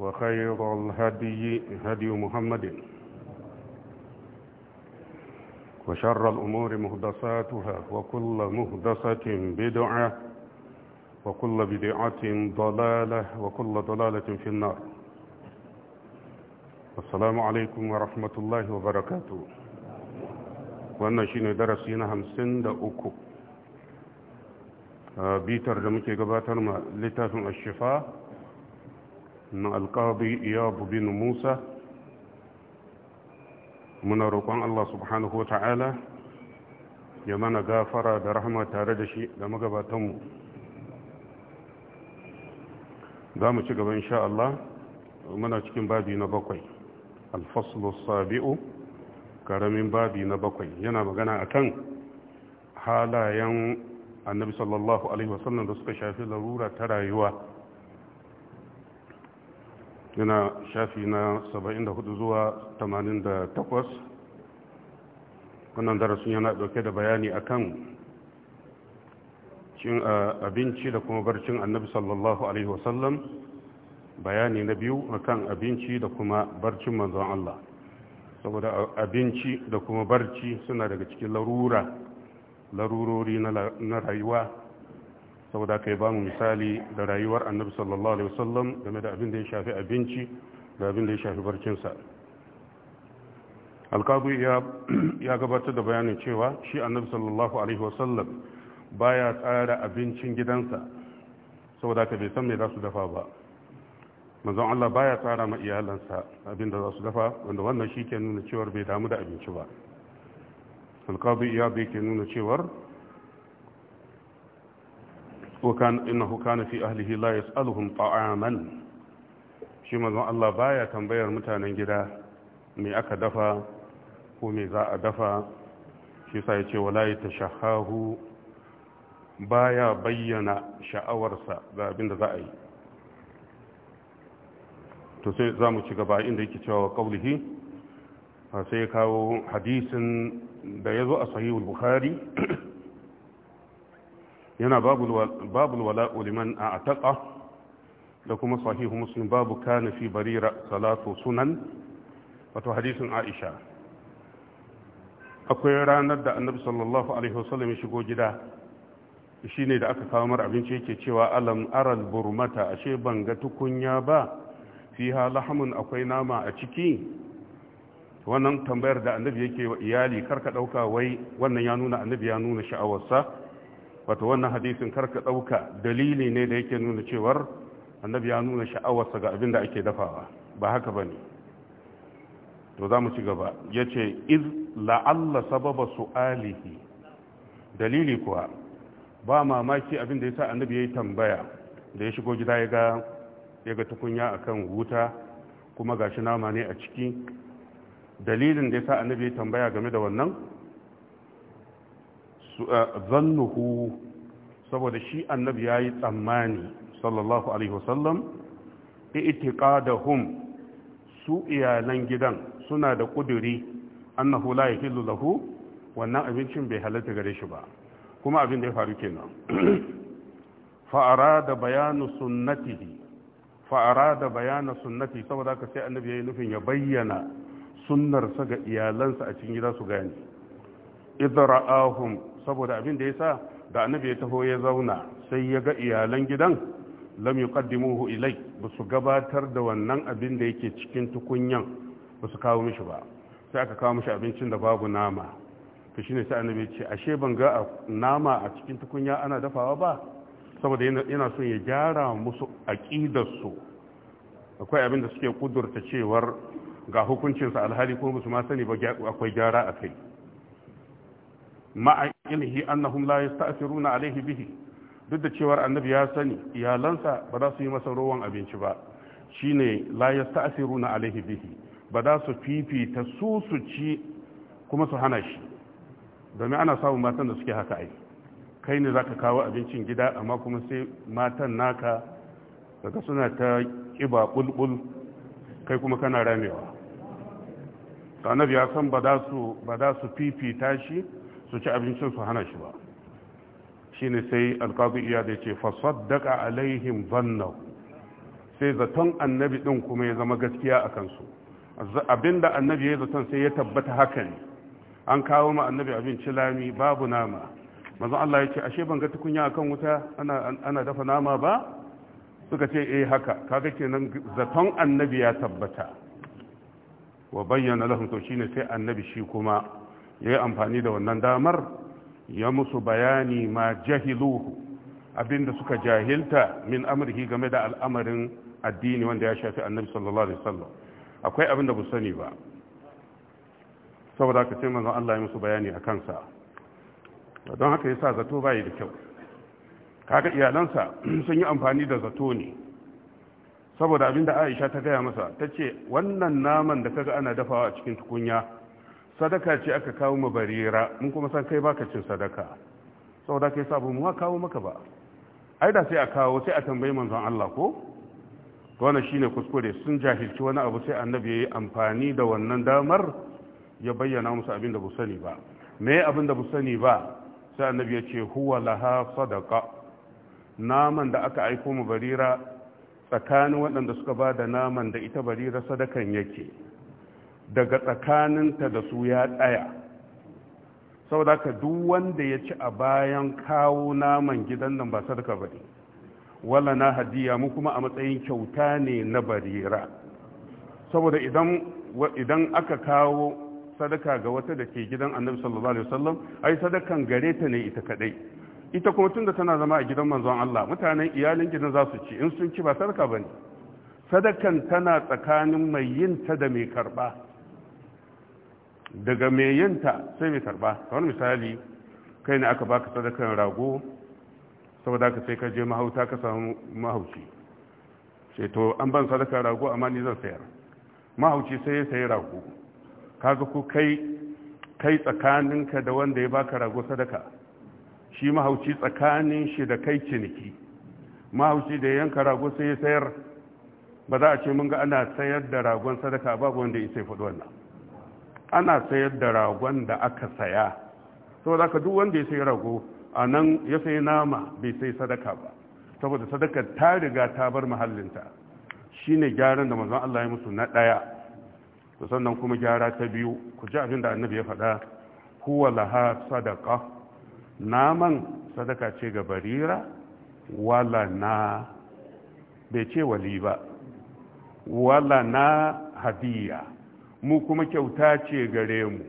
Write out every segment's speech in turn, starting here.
وخير الهدي هدي محمد وشر الأمور مهدساتها وكل مهدسة بدعة وكل بدعة ضلالة وكل ضلالة في النار السلام عليكم ورحمة الله وبركاته وانا شين darasi هم سند اوكو بيتر bitar da muke gabatar ma na alƙadi iyabu bin musa muna roƙon allah subhanahu wa ta'ala ya mana gafara da rahama tare da shi da magabatanmu za mu ci gaba insha Allah muna cikin babi na bakwai alfaslu sabi'u karamin babi na bakwai yana magana a kan halayen annabi sallallahu alaihi wasallam da suka shafi larura ta rayuwa yana shafi na 74 zuwa 88 wannan darasin yana dauke da bayani akan cin abinci da kuma barcin annabi sallallahu alaihi wasallam bayani na biyu akan abinci da kuma barcin manzon Allah saboda abinci da kuma barci suna daga cikin larura larurori na rayuwa saboda kai ba mu misali da rayuwar annabi sallallahu alaihi wasallam game da abin da ya shafi abinci da abin da ya shafi barkinsa. alkabu ya gabatar da bayanin cewa shi annabi sallallahu alaihi wasallam ya tsara abincin gidansa saboda ka bai san mai za su dafa ba manzon Allah baya tsara ma iyalansa abin da za su dafa wanda wannan shi ke nuna cewar bai damu da abinci ba alkabu ya bai ke nuna cewar وكان إنه كان في أهله لا يسألهم طعاما shi manzon Allah baya tambayar mutanen gida me aka dafa ko me za a dafa shi sa ya ce walayi ta shahahu baya bayyana sha'awarsa ga abin da za a yi to sai za mu ci gaba inda yake cewa kaulihi sai ya kawo hadisin da ya zo a sahihul bukhari yana babu wala'u liman a taƙa da kuma sahihu muslim babu kana fi barira salatu sunan wato hadisin aisha akwai ranar da annabi sallallahu alaihi wasallam ya shigo gida shi ne da aka kawo mara abinci yake cewa alam aral burmata ashe ban ga tukunya ba fi lahamun akwai nama a ciki wannan tambayar da annabi yake wa iyali karka ɗauka wai wannan ya nuna annabi ya nuna sha'awarsa wato wannan hadisin karka ɗauka dalili ne da yake nuna cewar annabi ya nuna sha'awarsa ga abin da ake dafawa ba haka ba ne to za mu ci gaba ya ce iz la'alla sababa su'alihi dalili kuwa ba mamaki abin da ya sa annabi ya yi tambaya da ya shigo gida ya ga tukunya a kan wuta kuma gashi nama ne a ciki dalilin da ya sa annabi ya tambaya game da wannan Eh, zannuhu saboda shi annabi ya yi tsammani sallallahu alaihi wasallam itiqadahum su iyalan gidan suna da kuduri annahu la yahillu lahu wannan abincin bai halatta gare shi ba kuma abin da ya faru kenan fa'ara da bayanu sunnatihi fa'ara da bayanu sunnati saboda ka sai annabi ya yi nufin ya bayyana sunnarsa ga iyalansa a cikin gida su gane idra'ahum saboda abin da ya sa da annabi ya taho ya zauna sai ya ga iyalan gidan lam yuqaddimuhu ilai ba su gabatar da wannan abin da yake cikin tukunyan ba su kawo mishi ba sai aka kawo mishi abincin da babu nama to shine sai annabi ce ashe ban ga nama a cikin tukunya ana dafawa ba saboda yana son ya gyara musu aqidar su akwai abin da suke kudurta cewar ga hukuncinsa alhali ko musu ma sani ba akwai gyara a kai ma'a annahum la yasta'thiruna alayhi bihi duk da cewa annabi ya sani iyalansa ba za su yi masa rawan abinci ba shine la yasta'thiruna alayhi bihi ba za su fifita su su ci kuma su hana shi domin ana samun matan da suke haka ai kai ne zaka kawo abincin gida amma kuma sai matan naka daga suna ta kiba bulbul kai kuma kana ramewa annabi ya san ba za su fifita shi su ci abincin su hana shi ba shine sai alkazi iya da ce daga alaihim zannau sai zaton annabi din kuma ya zama gaskiya a kansu abinda annabi ya zaton sai ya tabbata haka ne an kawo ma annabi abinci lami babu nama mazan Allah ya ce ashe ban ga tukunya kan wuta ana dafa nama ba suka ce eh haka kaga kenan zaton annabi ya tabbata wa bayyana lahum to shine sai annabi shi kuma ya yi amfani da wannan damar ya musu bayani ma jahiluhu abinda suka jahilta min amurki game da al'amarin addini wanda ya shafi annabi sallallahu alaihi wasallam akwai abin da bu sani ba saboda ka sai manzon Allah ya musu bayani a kansa don haka sa zato bayi da kyau kaga iyalansa sun yi amfani da zato ne saboda abin da Aisha ta gaya masa ta ce wannan naman da ga ana dafawa a cikin tukunya sadaka ce aka kawo ma barira mun kuma san kai baka cin sadaka saboda kai sabu mu kawo maka ba ai da sai a kawo sai a tambayi manzon Allah ko to wannan shine kuskure sun jahilci wani abu sai annabi yayi amfani da wannan damar ya bayyana musu abin da bu sani ba me abin da bu sani ba sai annabi ya ce huwa laha sadaqa naman da aka aiko mu barira tsakanin waɗanda suka ba da naman da ita barira sadakan yake daga tsakaninta da su ya tsaya saboda ka duk wanda ya ci a bayan kawo naman gidan nan ba sadaka ba wala na hadiya mu kuma a matsayin kyauta ne na barira saboda idan aka kawo sadaka ga wata da ke gidan annabi sallallahu alaihi wasallam ai sadakan gare ta ne ita kadai ita kuma tunda tana zama a gidan manzon Allah mutanen iyalin gidan za su ci in sun ci ba sadaka bane sadakan tana tsakanin mai yin ta da mai karba daga mai yinta sai mai karba kamar misali kai ne aka baka sadakan rago saboda ka sai ka je mahauta ka samu mahauci sai to an ban sadakan rago amma ni zan sayar mahauci sai ya sayi rago kaga ku kai kai tsakaninka da wanda ya baka rago sadaka shi mahauci tsakanin shi da kai ciniki mahauci da yanka rago sai ya sayar ba za a ce mun ga ana sayar da ragon sadaka babu wanda ya sai faɗi wannan ana sayar da ragon da aka saya saboda ka duk wanda ya sayi rago a nan ya sayi nama bai sai sadaka ba saboda sadaka ta riga ta bar mahallinta ne gyaran da mazan Allah ya musu na ɗaya to sannan kuma gyara ta biyu ku ji abin da annabi ya faɗa huwa laha sadaka naman sadaka ce ga barira wala na bai ce wali ba wala na hadiya mu kuma kyauta ce gare mu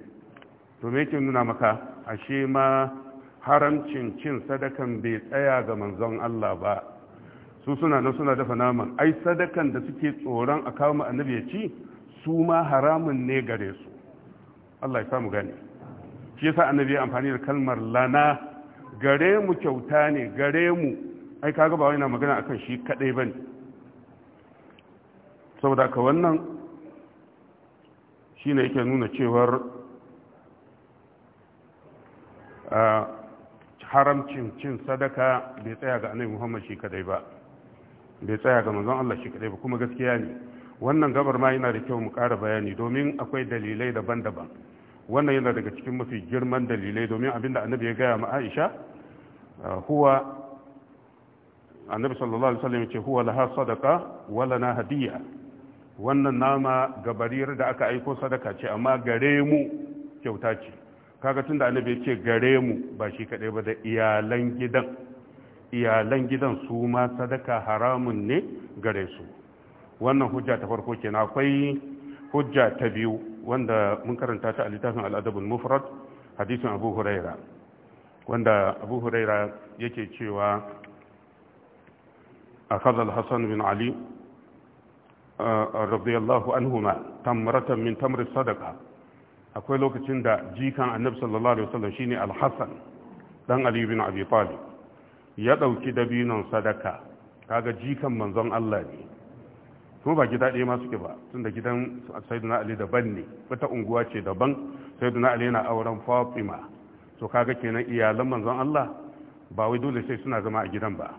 to me yake nuna maka ashe ma haramcin cin sadakan bai tsaya ga manzon Allah ba su suna na suna dafa naman ai sadakan da suke tsoron a kawo mu annabi ya ci su ma haramun ne gare su Allah ya samu gani. shi yasa annabi ya amfani da kalmar lana gare mu kyauta ne gare mu ai kaga ba wai magana akan shi kadai bane saboda ka wannan shi ne yake nuna cewar haramcin cin sadaka bai tsaya ga annabi muhammad shi kadai ba bai tsaya ga manzon allah shi kadai ba kuma gaskiya ne wannan gabar ma yana da kyau mu ƙara bayani domin akwai dalilai daban-daban wannan yana daga cikin mafi girman dalilai domin abinda annabi ya gaya ma aisha huwa annabi sallallahu alaihi wasallam ya ce huwa laha sadaqa wala na hadiyya wannan nama ga bariyar da aka aiko sadaka ce amma gare mu kyauta ce kaga tunda annabi yake ce gare mu ba shi kadai ba da iyalan gidan iyalan gidan su ma sadaka haramun ne gare su wannan hujja ta farko kenan akwai hujja ta biyu wanda mun karanta ta a littafin al'adabul mufrad hadisin abu huraira wanda abu huraira yake cewa a kazal hassan bin ali radiyallahu anhuma tamratan min tamri sadaqa akwai lokacin da jikan annabi sallallahu alaihi wasallam shine al-hasan dan ali bin abi ya ɗauki dabinon sadaka kaga jikan manzon Allah ne kuma ba gida ɗaya ma suke ba tunda gidan sayyidina ali daban ne wata unguwa ce daban sayyidina ali yana auren fatima to kaga kenan iyalan manzon Allah ba wai dole sai suna zama a gidan ba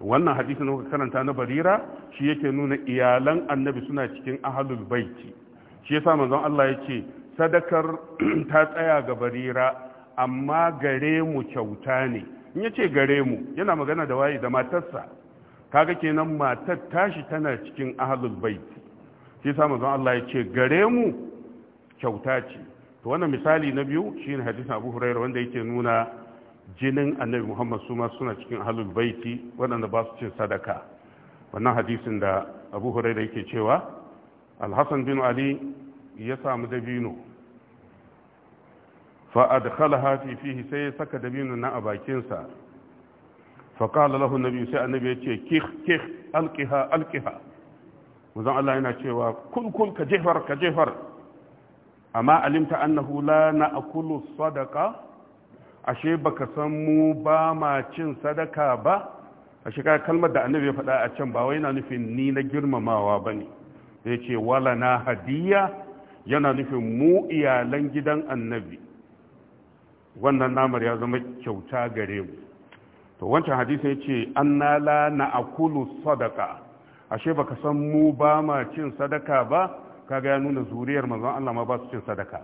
wannan hadisin da karanta na barira shi yake nuna iyalan annabi suna cikin ahalul baiti shi yasa manzon Allah yake sadakar ta tsaya ga barira amma gare mu kyauta ne in yace gare mu yana magana da waye da matarsa kaga kenan matar tashi tana cikin ahalul baiti shi yasa manzon Allah yake gare mu kyauta ce to wannan misali na biyu shi ne hadisin Abu Hurairah wanda yake nuna jinin annabi muhammad su ma suna cikin ahlul baiti waɗanda ba su cin sadaka wannan hadisin da abu huraira yake cewa alhassan bin ali ya samu dabino fa'adkhalaha fi fihi sai ya saka dabino na a bakinsa faƙala lahu nabi sai annabi ya ce kih kih alkiha alkiha. muzan Allah yana cewa kulkul ka jefar ka jefar amma alimta annahu la na akulu sadaka ashe baka san mu ba ma cin sadaka ba a shiga kalmar da annabi ya faɗa a can ba wai yana nufin ni na girmamawa ba ne ya ce wala na hadiya yana nufin mu iyalan gidan annabi wannan namar ya zama kyauta gare mu to wancan hadisi ya ce an nala na akulu sadaka ashe baka san mu ba ma cin sadaka ba kaga ya nuna zuriyar manzon Allah ma ba su cin sadaka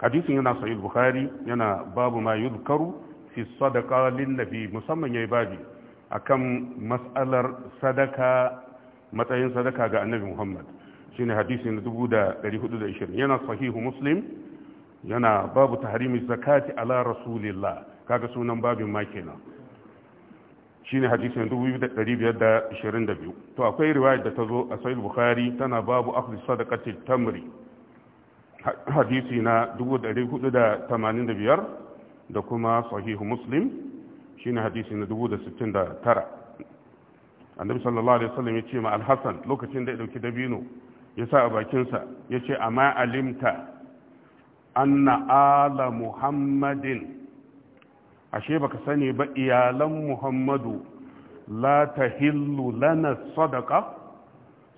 hadisin yana sahih bukhari yana babu ma yuzkaru fi sadaqa lin nabi musamman yayi babi akan mas'alar sadaka matsayin sadaka ga annabi Muhammad shine hadisi na 1420 yana sahihu muslim yana babu tahrimi zakati ala rasulillah kaga sunan babin ma kenan shine hadisi na 2522 to akwai riwaya da tazo a sahih bukhari tana babu akhdhi sadaqati tamri hadisi na 485 da kuma sahihu muslim shi ne hadisi na 1069 annabi sallallahu alaihi wasallam ya ce ma alhassan lokacin da ya dauki dabino ya sa a bakinsa ya ce amma alimta anna ala muhammadin ashe baka sani ba iyalan muhammadu la ta hillu lana sadaka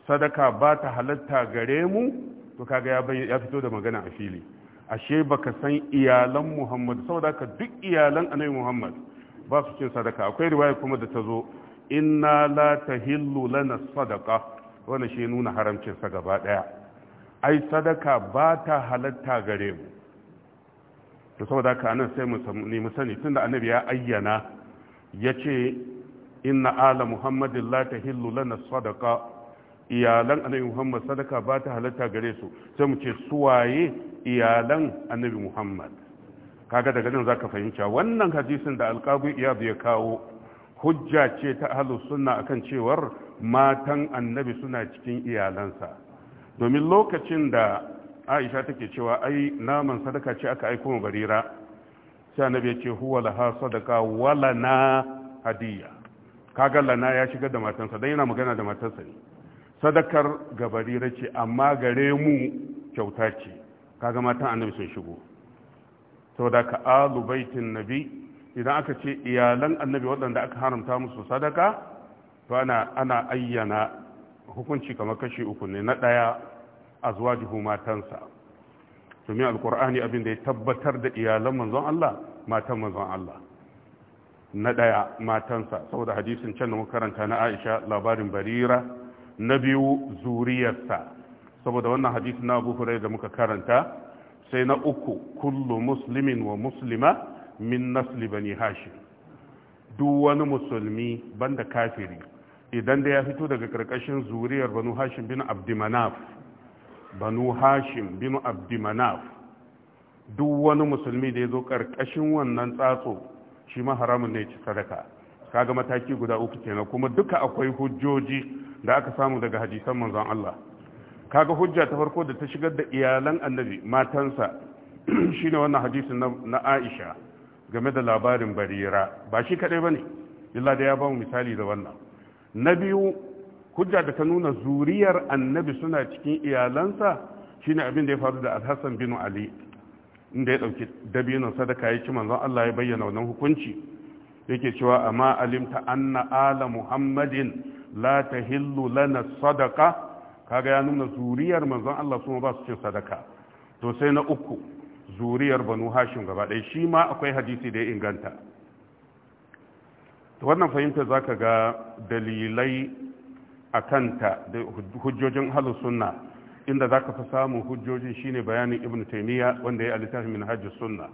sadaka ba ta halatta gare mu to kaga ya ya fito da magana a fili ashe baka san iyalan Muhammad saboda ka duk iyalan Annabi Muhammad ba su cin sadaka akwai riwaya kuma da ta zo inna la tahillu lana sadaqa wannan shi nuna haramcin sa gaba daya ai sadaka ba ta halatta gare mu to saboda ka nan sai mu nemi sani tunda Annabi ya ayyana yace inna ala muhammadin la tahillu lana sadaqa iyalan annabi muhammad sadaka ba ta halatta gare su sai mu ce suwaye iyalan annabi muhammad kaga daga nan zaka fahimta wannan hadisin da alqabi iyad ya kawo hujja ce ta ahlus sunna akan cewar matan annabi suna cikin iyalansa domin lokacin da aisha take cewa ai naman sadaka ce aka aiko mu barira sai annabi ya ce huwa laha sadaka na hadiya kaga lana ya shiga da matansa dan yana magana da matansa ne sadakar gabarira ce amma gare mu kyauta ce kaga matan annabi sun shigo saboda ka alu baitin nabi idan aka ce iyalan annabi waɗanda aka haramta musu sadaka to ana ana ayyana hukunci kamar kashi uku ne na ɗaya jihu matansa domin alkur'ani abin da ya tabbatar da iyalan manzon Allah matan manzon Allah na ɗaya matansa saboda hadisin can da muka karanta na Aisha labarin Barira na biyu zuriyarsa saboda wannan hadisi na abu hurai da muka karanta sai na uku kullu muslimin wa muslima min nasli bani hashim duk wani musulmi banda kafiri idan da ya fito daga karkashin zuriyar banu hashim bin abdimanaf banu hashim bin abdimanaf duk wani musulmi da ya zo karkashin wannan tsatso shi ma haramun ne ci sadaka kaga mataki guda uku kenan kuma duka akwai hujjoji da aka samu daga hadisan manzon Allah kaga hujja ta farko da ta shigar da iyalan annabi matansa shine wannan hadisin na Aisha game da labarin barira ba shi kadai bane illa da ya ba mu misali da wannan na biyu hujja da ta nuna zuriyar annabi suna cikin iyalansa shine abin da ya faru da Al-Hassan bin Ali inda ya dauki dabinon sadaka ya ci manzon Allah ya bayyana wannan hukunci yake cewa amma alimta anna ala muhammadin la ta hillu lana sadaka kaga ya nuna zuriyar manzon Allah su ba su cin sadaka to sai na uku zuriyar banu hashim gaba ɗaya shi ma akwai hadisi da ya inganta to wannan fahimta zaka ga dalilai a kanta da hujjojin halin sunna inda zaka fi samun hujjojin shine bayanin ibnu taymiya wanda ya littafin Hajji sunna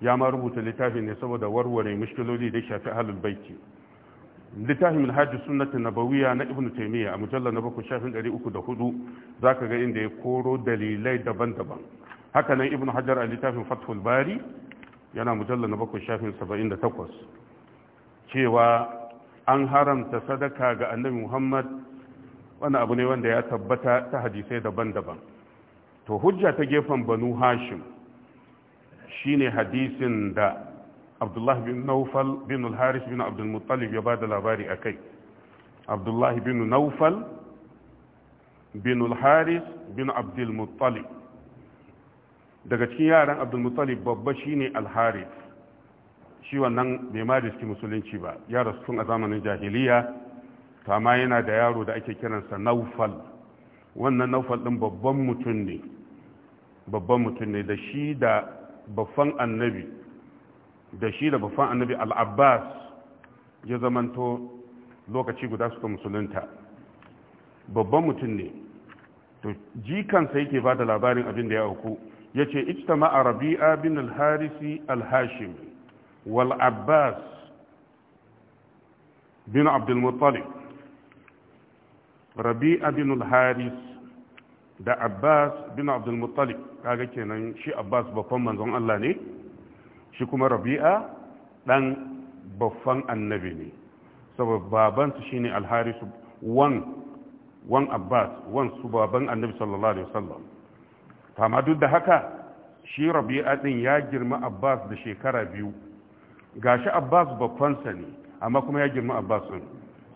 ya ma rubuta littafi ne saboda warware mushkiloli da shafi halin baiti littafin minhajus sunnatin nabawiyya na ibnu taymiya a mujallar na bakwai shafin dari uku da hudu zaka ga inda ya koro dalilai daban-daban haka nan ibnu hajar a littafin fathul bari yana mujallar na bakwai shafin saba'in da takwas cewa an haramta sadaka ga annabi muhammad wani abu ne wanda ya tabbata ta hadisai daban-daban to hujja ta gefen banu hashim shine hadisin da abdullahi bin naufal bin al-haris bin abdulmuttalib ya ba da labari a kai abdullahi bin naufal bin al-haris bin abdulmuttalib daga cikin yaran abdulmuttalib babba shine al-haris shi wannan bai ma riski musulunci ba ya rasu tun a zamanin jahiliya kama yana da yaro da ake kiransa naufal wannan naufal din babban mutum ne babban mutum ne da shi da babban annabi da shi da babban annabi al-abbas ya zamanto lokaci guda suka musulunta babban mutum ne to jikansa yake ba da labarin abin da ya auku ya ce ijtama rabi'a bin al-harisi al wal bin abdulmuttalib rabi'a bin haris da abbas bin abdulmuttalib kaga kenan shi abbas babban manzon Allah ne shi kuma rabi'a ɗan baffan annabi ne saboda babansu shine alharisu wan wan abbas wan su baban annabi sallallahu alaihi wasallam amma duk da haka shi rabi'a din ya girma abbas da shekara biyu gashi abbas sa ne amma kuma ya girma abbas din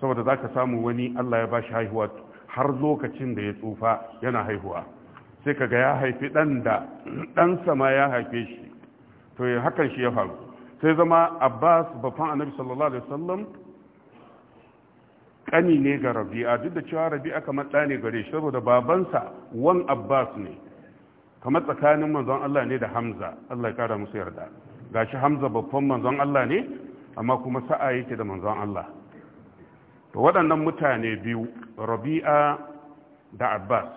saboda zaka samu wani Allah ya bashi haihuwa har lokacin da ya tsufa yana haihuwa sai kaga ya haifi dan da dan sama ya haife shi to hakan shi ya faru sai zama abbas babban annabi sallallahu alaihi wasallam kani ne ga rabi'a duk da cewa rabi'a kamar ɗa ne gare shi saboda babansa wan abbas ne kamar tsakanin manzon Allah ne da hamza Allah ya kara musu yarda gashi hamza babban manzon Allah ne amma kuma sa'a yake da manzon Allah to waɗannan mutane biyu rabi'a da abbas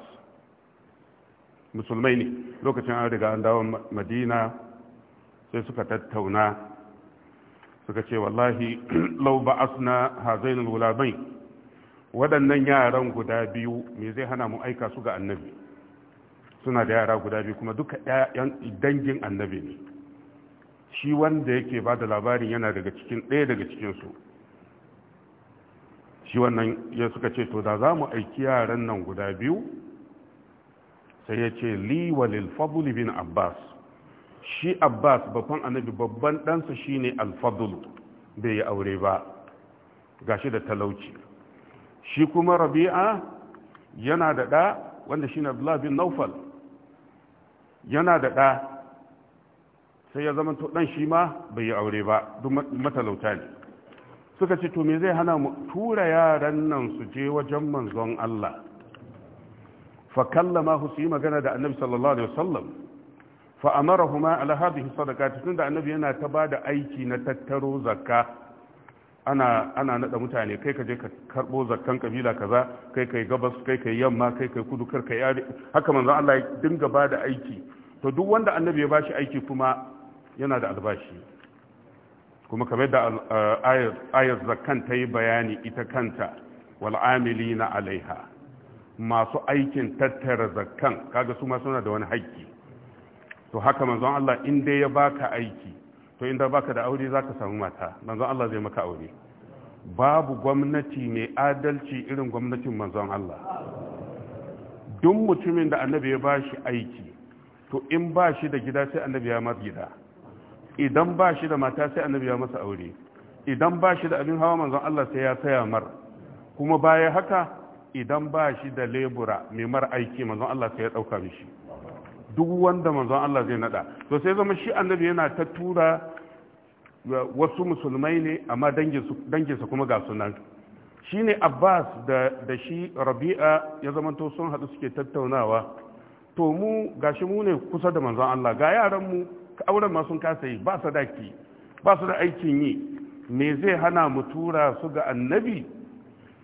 musulmai ne lokacin an riga an dawo madina sai suka tattauna suka ce wallahi lau asna hazainul gulabai waɗannan yaran guda biyu me zai hana mu aika su ga annabi suna da yara guda biyu kuma duka ɗayan dangin annabi ne shi wanda yake ba da labarin yana daga cikin ɗaya daga cikinsu shi wannan ya suka ce to da za mu aiki yaran nan guda biyu sai ya ce li walil fabuli bin abbas shi abbas babban annabi babban ɗansa shine alfadul bai yi aure ba gashi da talauci shi kuma rabi'a yana da ɗa wanda shine abdullah bin naufal yana da ɗa sai ya zama to ɗan shi ma bai yi aure ba duk matalauta ne suka ce to me zai hana mu tura yaran nan su je wajen manzon Allah fa kallama su yi magana da annabi sallallahu alaihi wasallam fa amarahuma ala hadhihi sadaqati tunda annabi yana ta bada aiki na tattaro zakka ana ana nada mutane kai ka je ka karbo zakkan kabila kaza kai kai gabas kai kai yamma kai kai kudu kar kai yare haka manzo Allah ya dinga bada aiki to duk wanda annabi ya bashi aiki kuma yana da albashi kuma kamar da eh, ayat zakkan ta yi bayani ita kanta wal amilina alaiha masu aikin tattara zakkan kaga su ma suna da wani haƙƙi to haka manzon Allah in dai ya baka aiki to inda baka da aure za ka samu mata manzon Allah zai maka aure babu gwamnati mai adalci irin gwamnatin manzon Allah duk mutumin da annabi ya bashi aiki to in ba shi da gida sai annabi ya masa gida idan ba da mata sai annabi ya masa aure idan ba da abin hawa manzon Allah sai ya saya mar kuma baya haka idan bashi da lebura mai mara aiki manzon Allah sai ya dauka mishi duk wanda manzon Allah zai nada to sai zama shi annabi yana ta tura wasu musulmai ne amma danginsa kuma ga sunan shi ne abbas da shi rabi'a ya zama to sun haɗu suke tattaunawa to mu gashi mu ne kusa da manzon Allah ga yaran mu auren ma sun kasa yi ba sadaki ba su da aikin yi me zai hana mu tura su ga annabi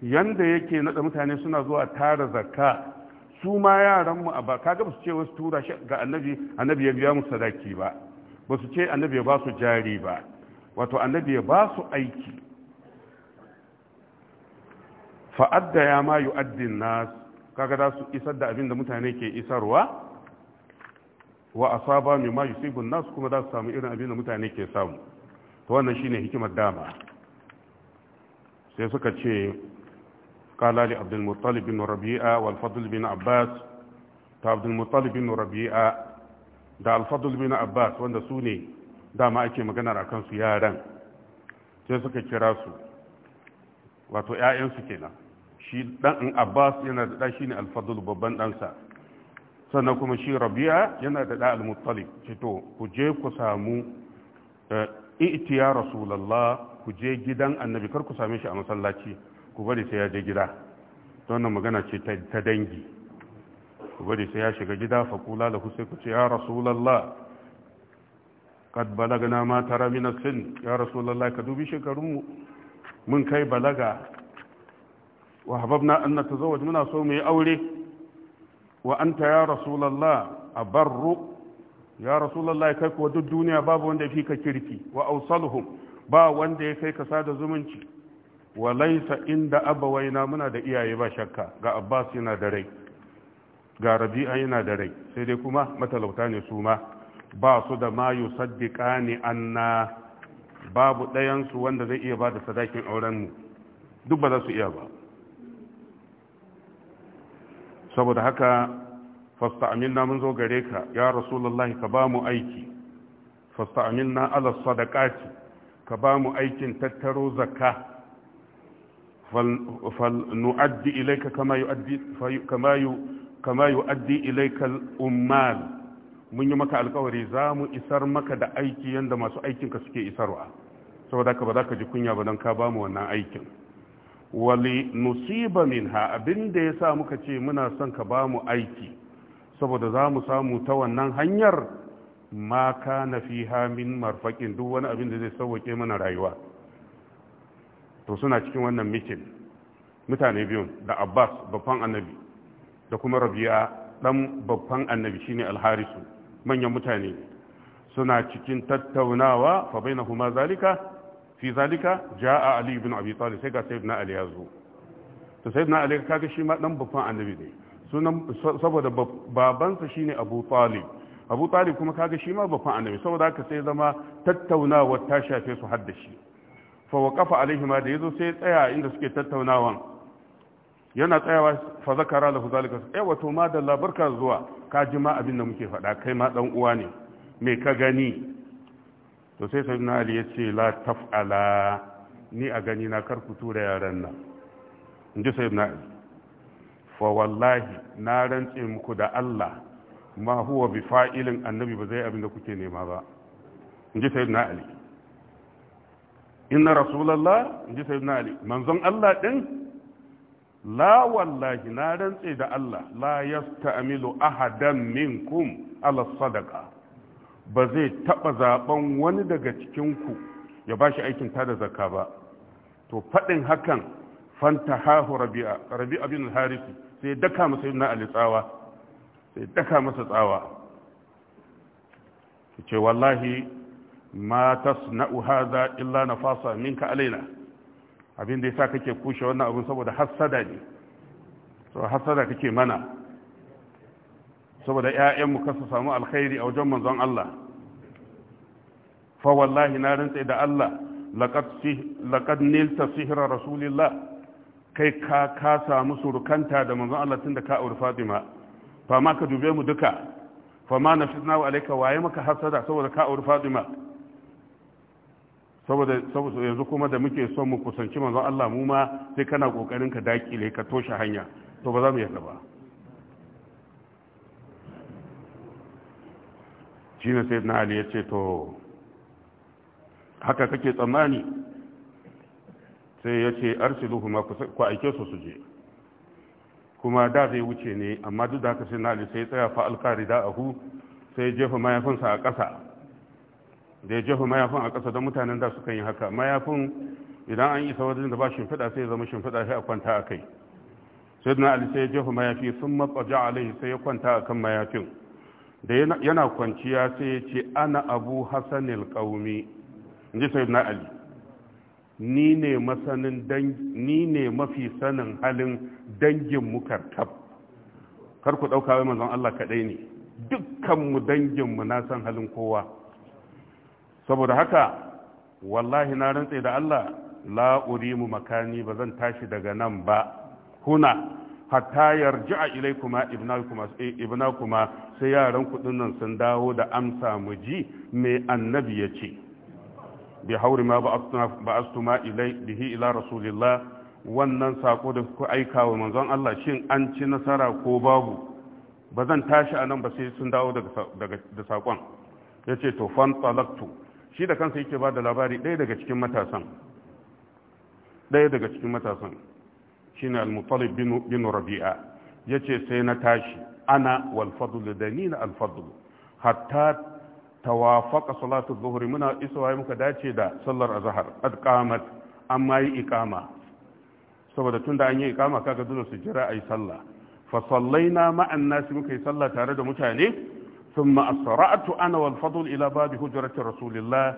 yanda yake nada mutane suna zuwa tara zakka su ma yaranmu a ba kaga ba su ce wasu tura shi ga annabi annabi ya biya musu sadaki ba ba su ce annabi ya ba su jari ba wato annabi ya ba su aiki fa'adda ya ma yi addin nas kaga za su isar da abin da mutane ke isarwa wa asaba mai ma yusibun nas kuma za su samu irin abin da mutane ke samu to wannan shine hikimar dama sai suka ce قال لعبد المطلب بن ربيعة والفضل بن عباس عبد المطلب بن ربيعة da alfadul bin abbas wanda sune dama ake magana a kansu yaran sai suka kira su wato 'ya'yansu kenan shi dan abbas yana da ɗa shi ne babban ɗansa sannan kuma shi rabia yana da ɗa almuttalib ce to ku je ku samu itiya rasulallah ku je gidan annabi kar ku same shi a masallaci ku bari sai ya je gida don nan magana ce ta dangi ku bari sai ya shiga gida faƙula da ku sai ku ce ya rasulallah kad balagna ma tara min sin ya rasulallah ka dubi shekarunmu mun kai balaga wa hababna an natazawwaj muna so mu yi aure wa anta ya rasulallah abarru ya rasulallah kai kuwa duk duniya babu wanda ya fi ka kirki wa ausaluhum ba wanda ya kai ka sada zumunci Walaisa inda abawaina muna da iyaye ba shakka ga abbas yana da rai ga rabi'a yana da rai sai dai kuma matalauta ne su ma ba su da mayu yusaddiqa ne anna babu ɗayansu wanda zai iya ba da sadakin auren mu duk ba za su iya ba saboda haka fasta amina mun zo gare ka ya rasulullahi ka ba mu aiki fasta amina ala sadakati ka ba mu aikin tattaro zakka فلنؤدي إليك كما يؤدي كما كما يؤدي إليك الأمال mun yi maka alkawari za mu isar maka da aiki yadda masu aikinka suke isarwa saboda ka ba za ka ji kunya ba don ka ba mu wannan aikin wali nusiba minha abin da ya sa muka ce muna son ka ba mu aiki saboda za mu samu ta wannan hanyar ma ka na fi hamin marfaƙin duk wani abin da zai sauwake mana rayuwa to suna cikin wannan mitin mutane biyun da abbas babban annabi da kuma rabia dan babban annabi shine alharisu manyan mutane suna cikin tattaunawa fa bainahuma zalika fi zalika jaa ali ibn abi talib sai ga sayyidina ali ya zo to sayyidina ali kaga shi ma dan babban annabi ne sunan saboda babansa shine abu talib abu talib kuma kaga shi ma babban annabi saboda haka sai zama tattaunawa ta shafe su haddashi fa waqafa alaihima da yazo sai tsaya inda suke tattaunawan yana tsayawa fa zakara lahu zalika eh wato ma da labarka zuwa ka ji ma abin da muke faɗa kai ma dan uwa ne me ka gani to sai sayyidina ali ya ce la taf'ala ni a gani na kar ku tura yaran nan in ji sayyidina ali fa wallahi na rantse muku da Allah ma huwa bi fa'ilin annabi ba zai abin da kuke nema ba in ji sayyidina ali inna rasulallah in ji sayyidina ali manzon Allah din la wallahi na rantse da Allah la yasta'milu ahadan minkum ala sadaqa ba zai taba zaben wani daga cikin ku ya bashi aikin tada zakka ba to fadin hakan fanta hahu rabi'a rabi'a bin harith sai daka masa sayyidina ali tsawa sai daka masa tsawa ce wallahi ma tasna'u hadha illa nafasa minka alaina abin da yasa kake kushe wannan abun saboda hasada ne so hasada kake mana saboda ƴaƴan mu kasa samu alkhairi a wajen manzon Allah fa wallahi na rantsa da Allah laqad laqad nilta sihra rasulillah kai ka ka samu surukanta da manzon Allah tunda ka aure Fatima fa ma ka dube mu duka fa ma nafisna wa alayka waye maka hasada saboda ka aure Fatima saboda yanzu kuma da muke son mu kusanci manzon Allah mu ma sai kana kokarin ka dakile ka toshe hanya to ba za mu yarda ba shi sai na ali ya ce to haka kake tsammani sai ya ce arsiluhu ma ku aike su su je kuma da zai wuce ne amma duk da haka sai na ali sai tsaya fa alkari da ahu sai jefa mayafinsa a ƙasa da ya jefa mayafin a ƙasa don mutanen da suka yi haka mayafin idan an isa wajen da ba shimfiɗa sai ya zama shimfiɗa sai a kwanta a kai sai na ali sai ya jefa mayafi sun matsaja alai sai ya kwanta a kan mayafin da yana kwanciya sai ya ce ana abu hasanil ƙaumi in ji sai na ali ni ne mafi sanin halin dangin mu karkab kar ku ɗauka wai manzon Allah kaɗai ne dukkanmu danginmu na san halin kowa saboda haka wallahi na rantse da Allah la urimu makani ba zan tashi daga nan ba huna hatta yarji'a ilaikuma ibnakuma eh, ibnakuma sai yaran kudin nan sun dawo da amsa mu ji mai annabi ya ce bi hauri ma ba'astuma ilai bihi ila rasulillah wannan sako da kuka aika wa manzon Allah shin an ci nasara ko babu ba zan tashi a nan ba sai sun dawo daga da sakon ya ce to fan talaktu shi da kansa yake ba da labari ɗaya daga cikin matasan ɗaya daga cikin matasan shi ne al-mutalib bin rabi'a ya ce sai na tashi ana walfadulu da ni na alfadulu hatta tawafaka salatu zuhuri muna isowa muka dace da sallar azahar ad an ma yi iqama saboda tunda an yi ikama kaga dole su jira ayi sallah fa sallaina ma'an nasi muka yi sallah tare da mutane ثم أسرعت أنا والفضل إلى باب هجرة رسول الله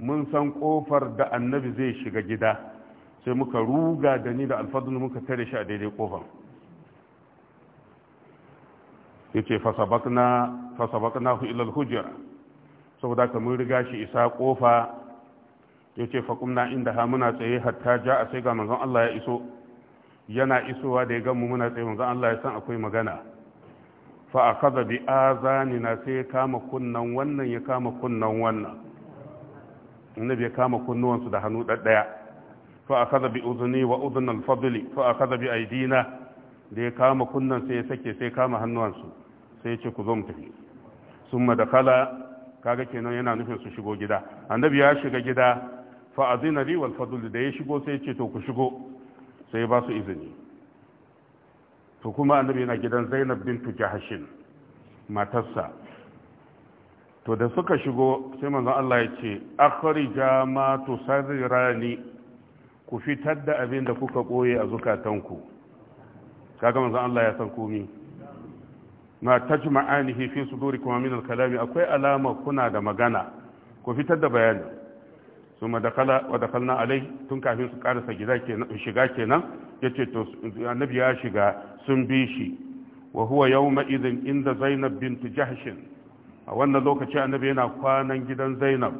من سن قوفر دا النبي زي شغا جدا sai muka ruga da ni da alfadun muka tare shi a daidai kofan ya ce fasabakna hu ilal hujjar saboda ka mun riga shi isa kofa ya ce faƙumna inda ha muna tsaye hatta ja a sai ga manzon Allah ya iso yana isowa da ya gamu muna tsaye manzon Allah ya san akwai magana fa kaza bi na sai ya kama kunnan wannan ya kama kunnan wannan annabi ya kama kunnuwansu da hannu ɗaya fa kaza bi uzuni wa uzun alfabili fa a kaza bi aidina da ya kama kunnan sai ya sake sai kama hannuwansu sai ya ce ku zo mu tafi da kala kaga kenan yana nufin su shigo gida annabi ya shiga gida fa a zina wal fadli da ya shigo sai ya ce to ku shigo sai ya ba su izini to kuma annabi yana gidan zainab bintu jahashin matarsa to da suka shigo sai manzon Allah ya ce akhrija ma tusarrani ku fitar da abin da kuka koye a zukatanku kaga manzon Allah ya san komi ma tajma'anihi fi sudurikum min al-kalami akwai alama kuna da magana ku fitar da bayani da kala wa kalna alai tun kafin su karasa gida kenan shiga kenan ya ce to annabi ya shiga sun bi shi wa huwa yawma idhin inda zainab bint jahsh a wannan lokaci annabi yana kwanan gidan zainab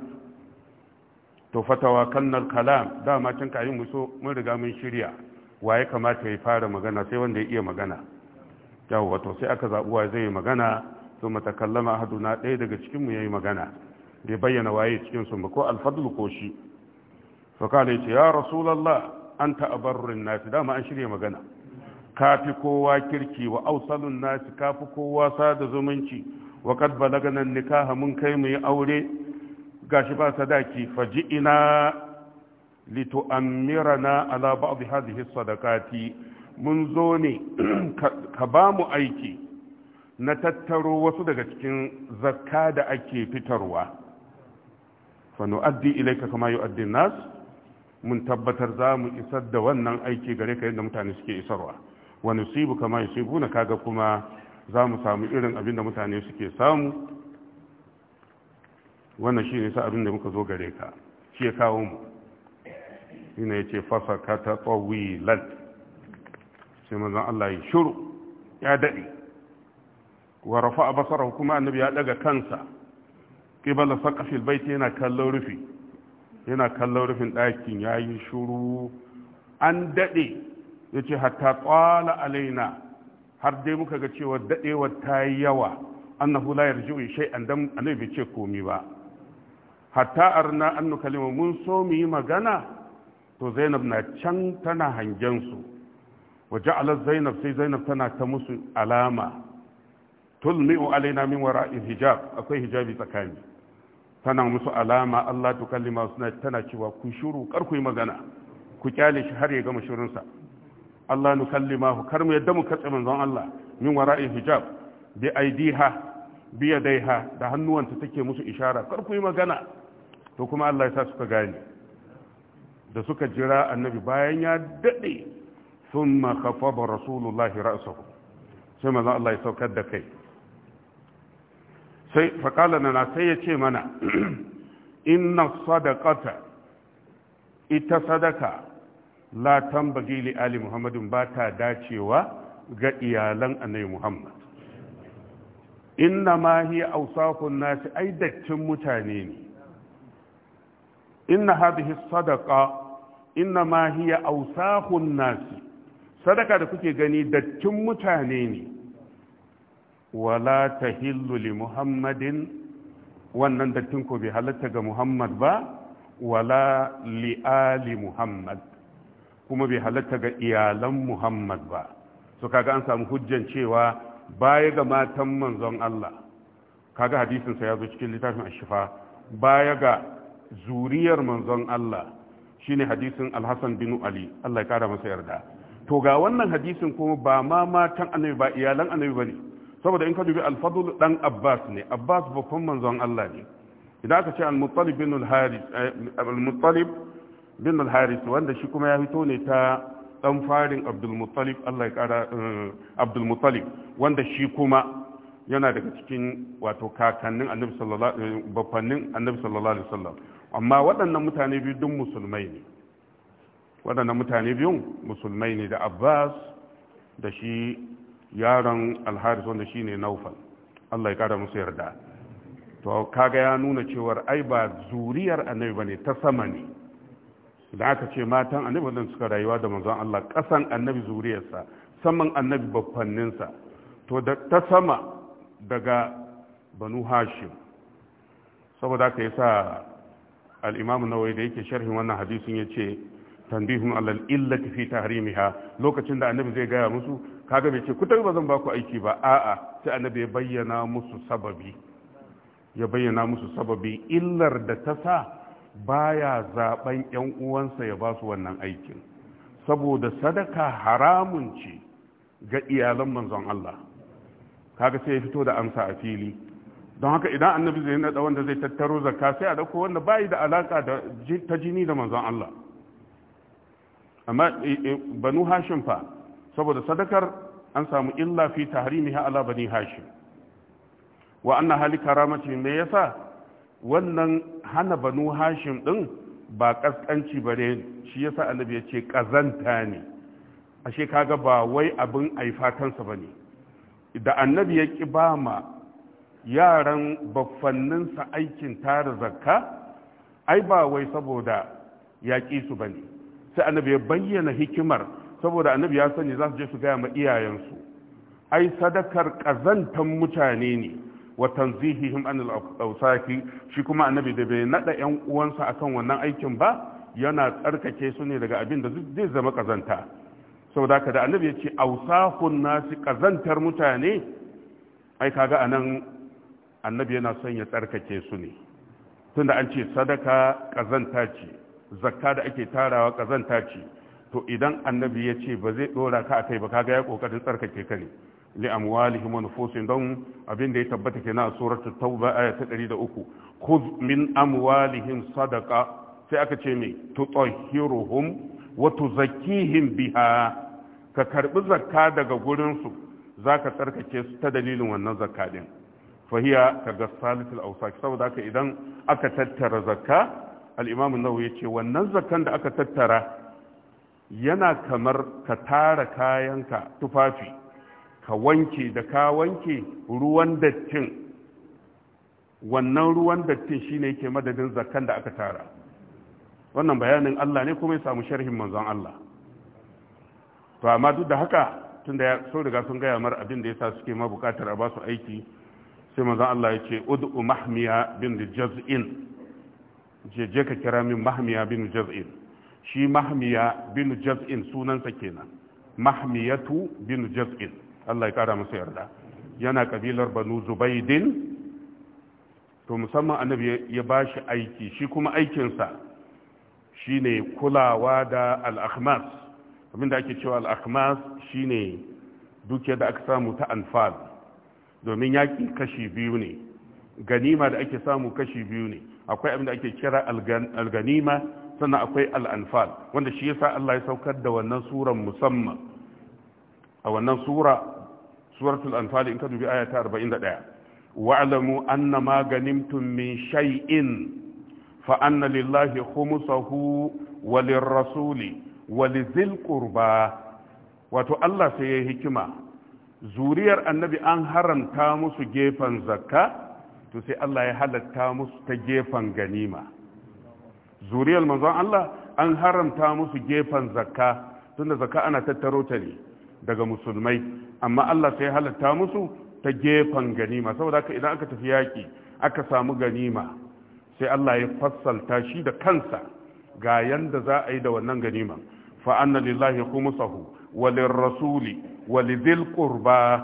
to fatawa kannal kalam dama tun kayin mu so mun riga mun shirya waye kamata ya fara magana sai wanda ya iya magana yawa to sai aka zaɓi zai zai magana to matakallama ahaduna ɗaya daga cikin mu yayi magana bai bayyana waye cikin su ba ko alfadl ko shi fa kana ya rasulullah an abarrun nasi dama an shirya magana kafi kowa kirki wa ausalun nasi kafi kowa sada zumunci wa kad balagana nikaha mun kai mu yi aure gashi ba sadaki faji'ina litu'ammirana ala ba'd hadhihi sadaqati mun zo ne ka ba mu aiki na tattaro wasu daga cikin zakka da ake fitarwa fa nu'addi ilayka kama yu'addi nas mun tabbatar za mu isar da wannan aiki gare ka yadda mutane suke isarwa Wani sibu kama sibu na kaga kuma za mu samu irin abin da mutane suke samu wannan shi ne sa abin da muka zo gare ka shi ya kawo mu Ina ya ce fasa ka ta tsawilan sai mazan Allah ya shuru ya daɗe wa rafa a basarar kuma annabi ya daga kansa ƙibala saƙafil baiti yana kallon rufi yana kallon rufin ɗakin ya yi shuru an daɗe ya ce hatta ƙwala alaina har dai muka ga cewa daɗewa ta yi yawa annahu la yarji'u an dan annabi bai ce komi ba hatta arna annu kalima mun so mu yi magana to zainab na can tana hangen su wa zainab sai zainab tana ta musu alama tulmi'u alaina min wara'i hijab akwai hijabi tsakani tana musu alama Allah ta kallima suna tana cewa ku shiru kar ku yi magana ku kyale shi har ya gama shirinsa Allah nu kallima ku kar mu yadda mu katse manzon Allah min wara'in hijab bi aidiha bi yadaiha da hannuwanta take musu ishara kar ku yi magana to kuma Allah ya sa suka gane da suka jira annabi bayan ya dade thumma khafada rasulullahi ra'sahu sai manzon Allah ya saukar da kai sai faƙala na sai ya ce mana inna sadaqata ita sadaka la tambagi li ali muhammadin ba ta dacewa ga iyalan annabi muhammad inna ma hi ausakun nasi ai dattin mutane ne inna hadhihi sadaqa inna ma hi ausakun nasi sadaka da kuke gani dattin mutane ne wala ta li muhammadin wannan dattin ko bai halatta ga muhammad ba wala li ali muhammad kuma bai halatta ga iyalan muhammad ba so kaga an samu hujjan cewa baya ga matan manzon Allah kaga hadisin sa zo cikin littafin ashifa baya ga zuriyar manzon Allah shine hadisin Alhassan hasan bin Ali Allah ya kara masa yarda to ga wannan hadisin kuma ba ma matan annabi ba iyalan annabi ne. saboda in ka dubi al-fadl dan abbas ne abbas babban manzon Allah ne idan aka ce al-muttalib bin al-haris eh, al-muttalib bin al-haris wanda shi kuma ya fito ne ta dan farin abdul muttalib Allah ya kara eh, abdul muttalib wanda shi kuma yana daga cikin wato kakannin annabi sallallahu eh, alaihi wasallam annabi sallallahu alaihi wasallam amma waɗannan mutane biyu duk musulmai ne waɗannan mutane biyun musulmai ne da abbas da shi yaron alharis wanda shi ne naufal Allah ya kara musu yarda to kaga ya nuna cewar ai ba zuriyar annabi bane ta sama ne da aka ce matan annabi wadanda suka rayuwa da manzon Allah kasan annabi zuriyarsa saman annabi babbanninsa to da ta sama daga banu hashim saboda haka yasa al-imam nawawi da yake sharhin wannan hadisin yace tanbihun alal illati fi tahrimiha lokacin da annabi zai gaya musu kaga bai ce kutar ba zan ba ku aiki ba a'a sai annabi ya bayyana musu sababi ya bayyana musu sababi illar da ta sa baya zaben yan uwansa ya ba su wannan aikin saboda sadaka haramun ce ga iyalan manzon Allah kaga sai ya fito da amsa a fili don haka idan annabi zai nada wanda zai tattaro zakka sai a dauko wanda bai da alaka da ta jini da manzon Allah amma eh, eh, banu hashim fa saboda sadakar an samu illa fi tahrimiha ala bani hashim wa anna halika ramati me yasa wannan hana banu hashim din ba kaskanci bare shi yasa annabi yace kazanta ne ashe kaga ba wai abin aifatansa bane da annabi ya ki ba ma yaran baffanninsa aikin tara zakka ai ba wai saboda ya su bane sai annabi ya bayyana hikimar saboda annabi ya sani za su je su gaya ma iyayensu ai sadakar ƙazantar mutane ne wa tanzihihim anil awsaki shi kuma annabi da bai nada yan uwansa akan wannan aikin ba yana tsarkake su ne daga abin da zai zama kazanta saboda haka da annabi ya ce ausahun nasi ƙazantar mutane ai kaga anan annabi yana son ya tsarkake su ne tunda an ce sadaka ƙazanta ce zakka da ake tarawa kazanta ce to idan annabi ya ce ba zai dora ka a kai ba kaga ya kokarin tsarkake ka ne li amwalihim wa nufusin don abin da ya tabbata na a suratu tauba aya ta 103 khudh min amwalihim sadaqa sai aka ce me tutahhiruhum wa tuzakkihim biha ka karbi zakka daga gurin su zaka tsarkake su ta dalilin wannan zakka din fahiya kaga salisul awsaq saboda haka idan aka tattara zakka al-imam an ya ce wannan zakkan da aka tattara yana kamar ka tara kayanka tufafi ka wanke da ka wanke ruwan dattin wannan ruwan dattin shine yake madadin zakkan da aka tara wannan bayanin Allah ne kuma ya samu sharhin manzon Allah to amma duk da haka tunda ya so riga sun gaya mar abin da yasa suke ma bukatar a basu aiki sai manzon Allah ya ce ud'u mahmiya bin jaz'in je je ka kira min mahmiya bin jaz'in shi mahmiya bin jaz'in sunansa kenan mahmiyatu bin jaz'in Allah ya kara masa yarda yana kabilar banu zubaidin to musamman annabi ya ba shi aiki shi kuma aikinsa shine kulawa da al-akhmas abinda ake cewa al-akhmas shine dukiyar da aka samu ta anfal domin yaƙi kashi biyu ne ganima da ake samu kashi biyu ne akwai abin da ake kira al-ganima. sannan akwai al'anfal wanda shi yasa Allah ya saukar da wannan suran musamman a wannan sura suratul anfal in ka dubi aya ta 41 wa'lamu anna ma ganimtum min shay'in fa anna lillahi khumsahu wa lirrasuli wa lizil wato Allah sai ya hikima zuriyar annabi an haramta musu gefen zakka to sai Allah ya halatta musu ta gefen ganima zuriyar manzon Allah an haramta musu gefen zakka tunda zakka ana tattaro ta ne daga musulmai amma Allah sai halatta musu ta gefen ganima saboda haka idan aka tafi yaki aka samu ganima sai Allah ya fassalta shi da kansa ga yanda za a yi da wannan ganima fa anna lillahi khumsahu wa lirrasuli wa lidhil qurba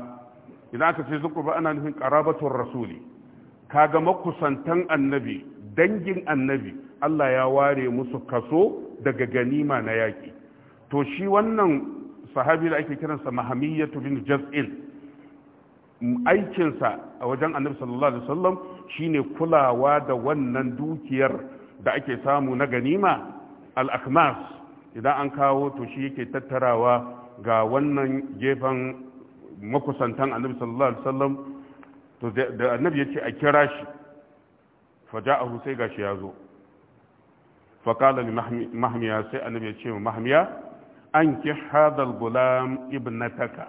idan aka ce zukurba ana nufin qarabatur rasuli kaga makusantan annabi dangin annabi Allah ya ware musu kaso daga ganima na yaki to shi wannan sahabi da ake kiransa mahamiyatu bin jaz'il aikinsa a wajen annabi sallallahu alaihi wasallam shine kulawa da wannan dukiyar da ake samu na ganima al-akmas idan an kawo to shi yake tattarawa ga wannan gefen makusantan annabi sallallahu alaihi wasallam to da annabi yace a kira shi faja'ahu sai gashi ya zo faƙala li mahmiya sai annabi ya ce wa mahmiya an ki hadal gulam ibnataka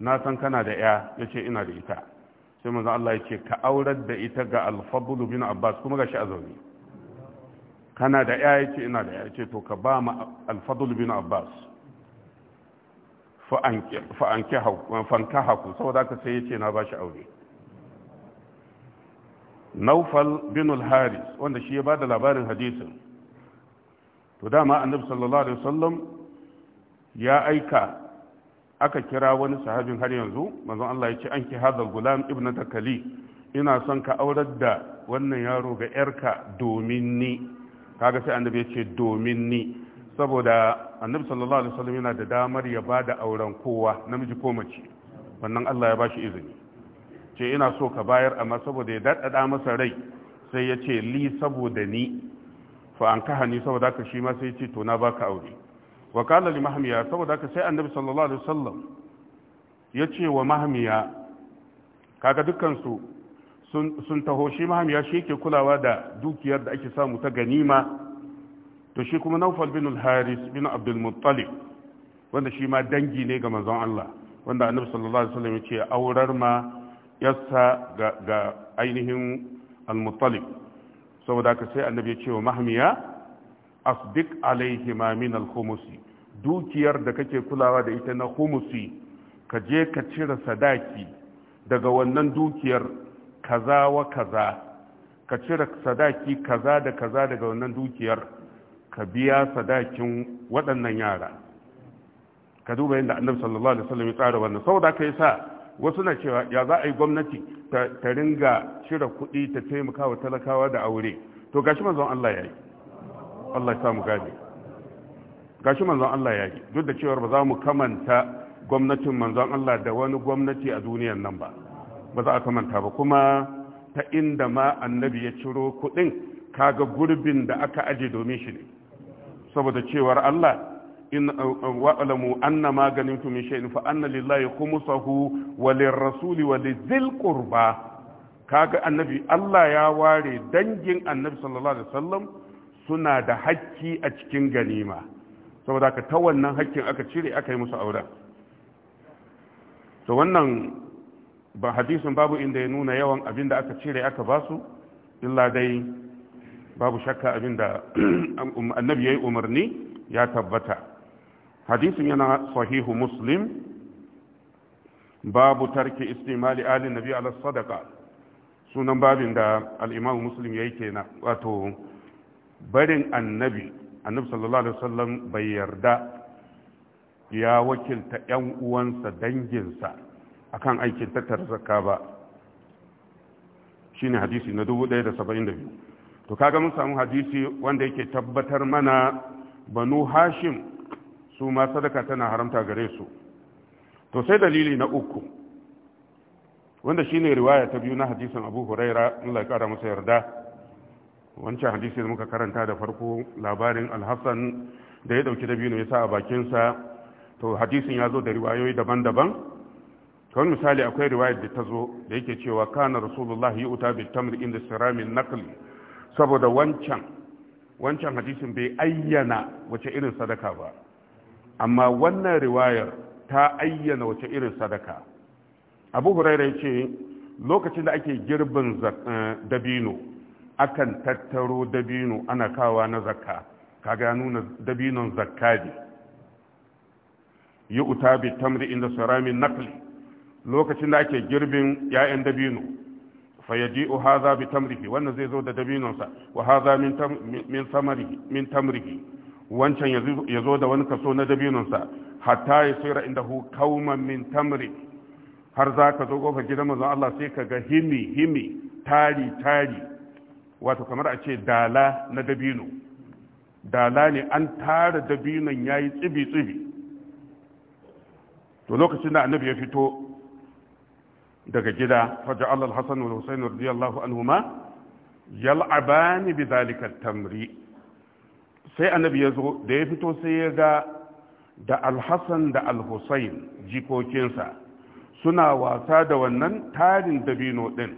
na san kana da ya ya ina da ita sai manzo Allah ya ka aurar da ita ga al-fadl bin abbas kuma gashi a zaune kana da ya ya ce ina da ya ya to ka ba ma al-fadl bin abbas fa an ki fanka ku ka sai yace na ba shi aure naufal bin haris wanda shi ya ba da labarin hadisin to dama annabi sallallahu alaihi wasallam ya aika aka kira wani sahabin har yanzu manzon Allah ya ce an ki hadal gulam ibnu takali ina son ka aurar da wannan yaro ga yarka domin ni kaga sai annabi ya ce domin ni saboda annabi sallallahu alaihi wasallam yana da damar ya bada auren kowa namiji ko mace wannan Allah ya bashi izini ce ina so ka bayar amma saboda ya daɗaɗa masa rai sai ya ce li saboda ni fa an kaha ni saboda haka shi ma sai ce to na baka aure wa qala li mahmiya saboda haka sai annabi sallallahu alaihi wasallam ya ce wa mahmiya kaga dukkan su sun taho shi mahamiya shi ke kulawa da dukiyar da ake samu ta ganima to shi kuma naufal bin al-haris bin abdul muttalib wanda shi ma dangi ne ga manzon Allah wanda annabi sallallahu alaihi wasallam yace aurar ma yassa ga, ainihin al-muttalib saboda haka sai annabi ya ce wa mahmiya asdik alaihi ma min al dukiyar da kake kulawa da ita na khumusi ka je ka cire sadaki daga wannan dukiyar kaza wa kaza ka cire sadaki kaza da kaza daga wannan dukiyar ka biya sadakin waɗannan yara ka duba yadda annabi sallallahu alaihi wasallam ya tsara wannan saboda haka yasa wasu na cewa ya za a yi gwamnati ta ringa cire kuɗi ta taimaka wa talakawa da aure to gashi manzon Allah ya yi Allah ya samu gane gashi manzon Allah ya yi duk da cewar ba za mu kamanta gwamnatin manzon Allah da wani gwamnati a duniyar nan ba ba za a kamanta ba kuma ta inda ma annabi ya ciro kuɗin kaga gurbin da aka aje domin shi ne saboda cewar Allah in wa'lamu anna ma ganimtum min shay'in fa anna lillahi khumsahu wa kaga annabi Allah ya ware dangin annabi sallallahu alaihi wasallam suna da hakki a cikin ganima saboda ka ta wannan hakkin aka cire aka yi musu auren to wannan ba hadisin babu inda ya nuna yawan abin da aka cire aka basu illa dai babu shakka abin da annabi ya yi umarni ya tabbata hadisin yana sahihu muslim babu tarki istimali alin nabi ala sunan babin da al'imam muslim ya yi wato barin annabi annabi sallallahu alaihi wasallam bai yarda ya wakilta 'yan uwansa danginsa akan aikin tattara zakka ba shine hadisi na 1072 to kaga mun samu hadisi wanda yake tabbatar mana banu hashim su ma sadaka tana haramta gare su to sai dalili na uku wanda shine riwaya ta biyu na hadisin Abu Huraira Allah ya kara masa yarda wancan hadisi da muka karanta da farko labarin Al-Hasan da ya dauki dabino ya sa a bakin sa to hadisin ya zo da riwayoyi daban-daban kawai misali akwai riwayar da ta zo da yake cewa kana rasulullahi yi uta bi tamri inda siramin nakli saboda wancan wancan hadisin bai ayyana wace irin sadaka ba amma wannan riwayar ta ayyana wace irin sadaka abu huraira ce lokacin da ake girbin eh, dabino akan tattaro dabino ana kawa na zakka kaga nuna dabinon zakka ne yi uta bi tamri inda Sarami nakli lokacin da ake girbin 'ya'yan dabino fayaji'u haza bi tamrihi wannan zai zo da dabinonsa wa haza min tamrihi wancan ya zo da wani kaso na dabinunsa hatta ya tsira inda hu kauman min tamri har za ka zo kofar gidan mazan Allah sai ka ga himi himi tari tari wato kamar a ce dala na dabino dala ne an tara dabinon ya yi tsibi tsibi to lokacin da annabi ya fito daga gida faja Allah Hassan wa Hussein radiyallahu anhuma yal'abani bi zalika tamri sai annabi ya zo da ya fito sai ya ga da alhassan da alhussain jikokinsa suna wasa da wannan tarin dabino ɗin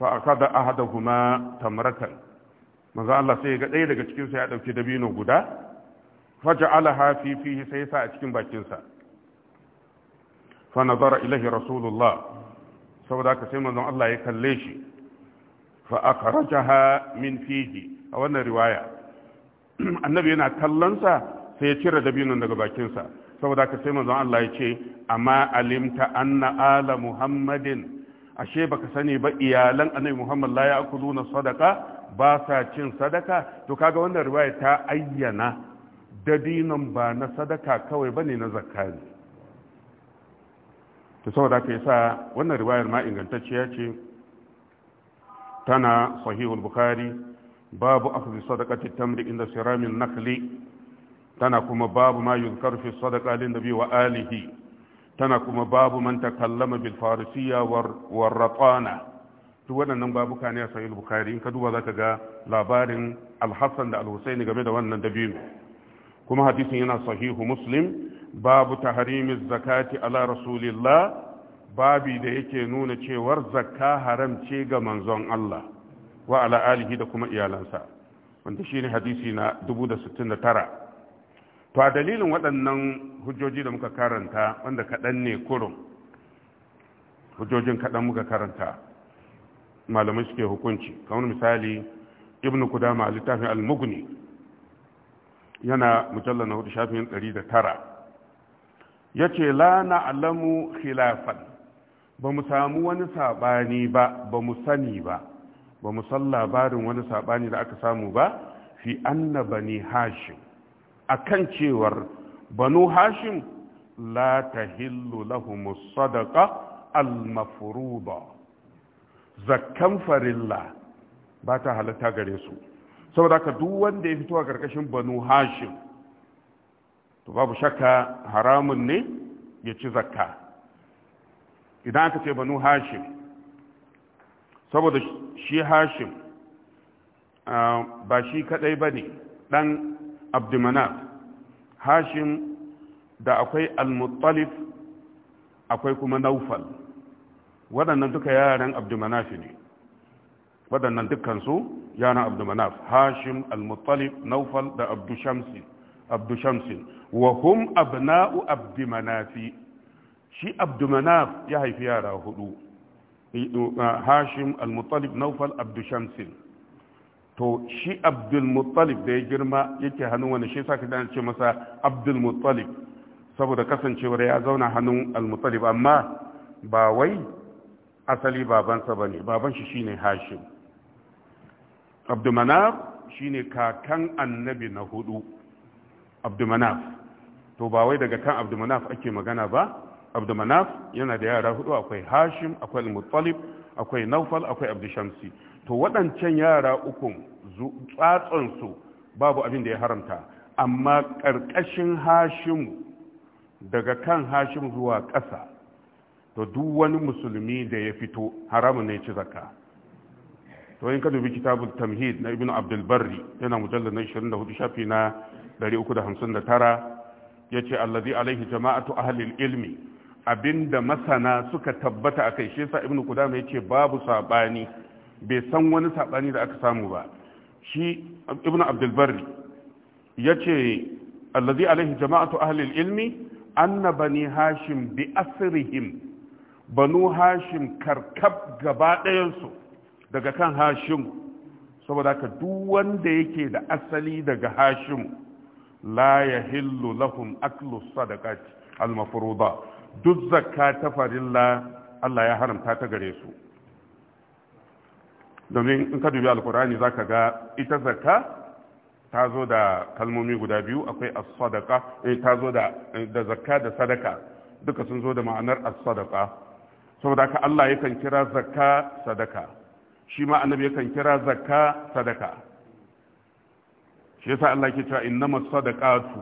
fa'aka da ahada kuma tamrakan maza Allah sai ga ɗaya daga cikinsa ya ɗauki dabino guda faja alaha fifihi sai sa a cikin bakinsa fa nazara ilahi rasulullah saboda haka sai manzon Allah ya kalle shi fa akhrajaha min fihi a wannan riwaya annabi yana kallonsa sai ya cire dabinon daga bakinsa saboda ka sai manzon Allah ya ce amma alimta anna ala muhammadin ashe baka sani ba iyalan annabi muhammad la ya'kuluna sadaqa ba sa cin sadaka to kaga wannan riwaya ta ayyana dabinon ba na sadaka kawai bane na zakari to saboda ka yasa wannan riwayar ma ingantacciya ce tana sahihul bukhari babu akhdhi sadaqati tamri inda siramin nakhli tana kuma babu ma yuzkar fi sadaqa lin nabi wa alihi tana kuma babu man takallama bil farisiyya war ratana duk waɗannan babu ne a sahih bukhari in ka duba zaka ga labarin al-hasan da al-husaini game da wannan dabino kuma hadisin yana sahihu muslim babu tahrimiz zakati ala rasulillah babi da yake nuna cewar zakka haram ce ga manzon Allah wa ala alihi da kuma iyalansa wanda shi ne hadisi na 1069 to a dalilin waɗannan hujjoji da muka karanta wanda kaɗan ne kurum hujjojin kaɗan muka karanta malamai suke hukunci kamar misali ibn kudama a littafin al yana mujalla na hudu shafin ɗari tara ya ce lana alamu khilafan ba mu samu wani sabani ba ba mu sani ba ba mu san labarin wani saɓani da aka samu ba fi anna bani hashim akan cewar banu hashim la tahillu lahum sadaqa al-mafruḍa zakkan farilla ba ta halatta gare su saboda ka duk wanda ya fito a ƙarƙashin banu hashim to babu shakka haramun ne ya ci zakka idan aka ce banu hashim saboda shi hashim ba shi kadai ba ne ɗan abdumanaf hashim da akwai Al-muttalif, akwai kuma naufal waɗannan duka yaran abdumanaf ne waɗannan dukkansu yaran abdumanaf hashim Al-muttalif, naufal da abdushamsi abdushamsin wa abna'u abdumanafi shi abdumanaf ya haifi yara hudu Uh, hashim al-muttalib naufal abdu to shi abdul da ya girma yake hannun wani shi saka da ce masa abdul saboda kasancewar ya zauna hannun al amma ba wai asali babansa bane baban shi shine hashim abdul shine kakan annabi na hudu to ba wai daga kan abdul ake magana ba abdumanaf yana da yara hudu akwai hashim akwai muttalib akwai naufal akwai abdushamsi to waɗancan yara uku su babu abin da ya haramta amma ƙarƙashin hashim daga kan hashim zuwa ƙasa to duk wani musulmi da ya fito haramun ne ci zakka to in ka dubi kitabul tamhid na ibnu abdul barri yana mujallad na 24 shafi na 359 yace allazi alaihi jama'atu ahli ilmi abinda masana suka tabbata a kai shesa ibn ibnu kudama yace babu sabani bai san wani sabani da aka samu ba shi ibnu abdul barri yace allazi alaihi jama'atu ahli ilmi anna bani hashim bi asrihim banu hashim karkab gaba ɗayansu daga kan hashim saboda ka duk wanda yake da asali daga hashim la yahillu lahum aklu sadaqati al-mafruḍah duk zakka ta farilla Allah ya haramta ta gare su domin in ka dubi alkurani za ka ga ita zakka ta zo da kalmomi guda biyu akwai as-sadaqa eh, ta zo da eh, da zakka da sadaka duka sun zo da ma'anar as-sadaqa saboda ka Allah yakan kira zakka sadaka shi ma annabi yakan kira zakka sadaka shi yasa Allah ke cewa innamas sadaqatu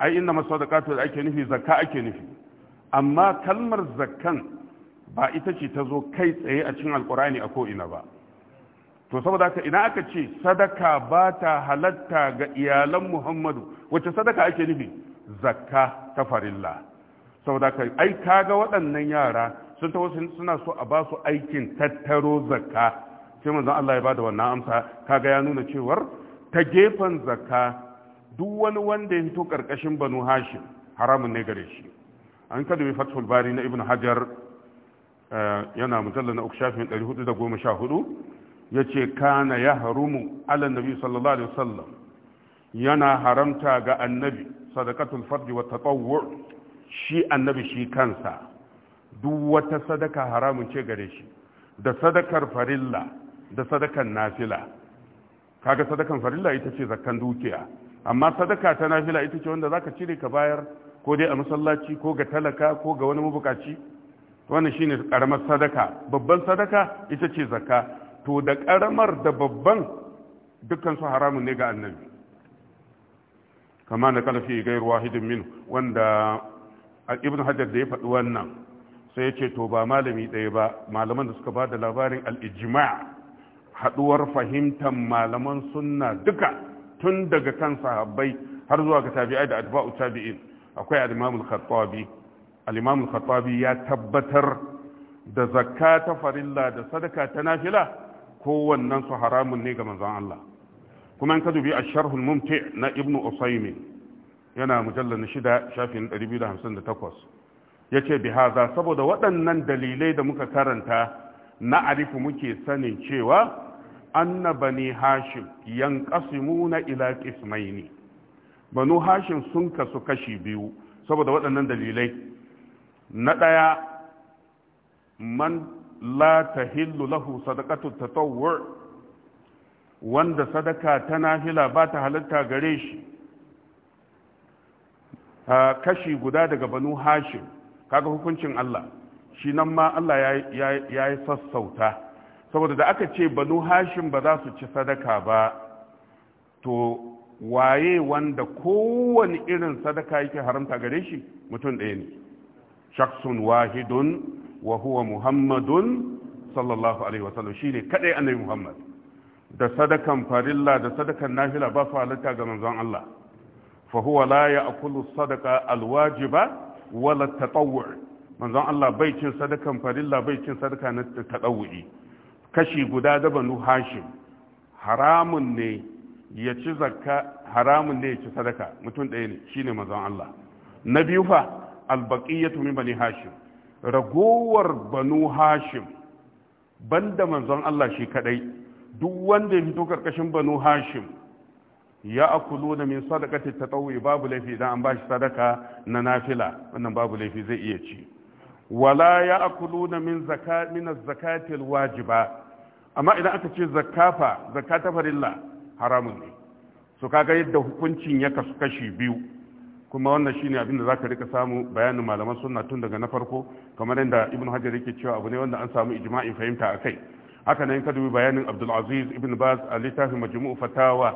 ai innamas sadaqatu da ake nufi zakka ake nufi amma kalmar zakkan ba ita ce ta zo kai tsaye a cikin alkurani a ko'ina ba to saboda haka ina aka ce sadaka ba ta halatta ga iyalan muhammadu wacce sadaka ake nufi zakka ta farilla saboda haka ai kaga waɗannan yara sun ta wasu suna so a ba su aikin tattaro zakka sai manzon Allah ya bada wannan amsa kaga ya nuna cewar ta gefen zakka duk wani wanda ya fito karkashin banu hashim haramun ne gare shi an kada dubi fathul bari na ibn hajar yana mujallar na uku shafin 414 ya ce kana ya harumu ala nabi sallallahu alaihi wasallam yana haramta ga annabi sadakatul fardi wa tatawwu shi annabi shi kansa duk wata sadaka haramun ce gare shi da sadakar farilla da sadakan nafila kaga sadakan farilla ita ce zakkan dukiya amma sadaka ta nafila ita ce wanda zaka cire ka bayar ko dai a masallaci ko ga talaka ko ga wani mabukaci wannan shine karamar sadaka babban sadaka ita ce zakka to da karamar da babban dukkan su haramun ne ga annabi kama na fi gairu wahidin min wanda ibn hajar da ya faɗi wannan sai yace to ba malami ɗaya ba malaman da suka ba da labarin al haɗuwar fahimtar malaman sunna duka tun daga kan sahabbai har zuwa ga tabi'ai da atba'u tabi'in akwai al-imamul khattabi al khattabi ya tabbatar da zakka ta farilla da sadaka ta nafila kowannen su haramun ne ga manzon Allah kuma in ka dubi ash-sharhul mumti na ibnu usaymi yana mujallal na shida shafin 258 yace bi haza saboda waɗannan dalilai da muka karanta na arifu muke sanin cewa anna bani hashim yanqasimuna ila qismaini banu hashin sun kasu kashi biyu saboda waɗannan dalilai na ɗaya man la ta hillu lahu ta tatawwu wanda sadaka tana hila ba ta halitta gare shi kashi guda daga banu hashin kaga hukuncin Allah shi nan ma Allah ya yi sassauta saboda da aka ce banu hashin ba za su ci sadaka ba to waye wanda kowane irin sadaka yake haramta gare shi mutum ɗaya ne shaksun wahidun wa huwa muhammadun sallallahu alaihi wasallam shine kadai annabi muhammad da sadakan farilla da sadakan Nahila ba su halitta ga manzon Allah fa huwa la sadaka sadaqa alwajiba wala tatawwu manzon Allah bai cin sadakan farilla bai cin sadaka na tatawwi kashi guda da banu hashim haramun ne ya ci zakka haramun ne ya ci sadaka mutum ɗaya ne shine manzon Allah na biyu fa albaqiyatu min bani hashim ragowar banu hashim banda manzon Allah shi kadai duk wanda ya fito karkashin banu hashim ya akulu da min sadakati tatawwi babu laifi idan an bashi sadaka na nafila wannan babu laifi zai iya ci wala ya akulu da min zakat min zakatil wajiba amma idan aka ce zakafa zakata farilla haramun ne so kaga yadda hukuncin ya kasu kashi biyu kuma wannan shine abin da zaka rika samu bayanin malaman sunna tun daga na farko kamar yadda ibnu hajar yake cewa abu ne wanda an samu ijma'in fahimta akai haka nan ka dubi bayanin abdul aziz ibn baz a littafin majmu'u fatawa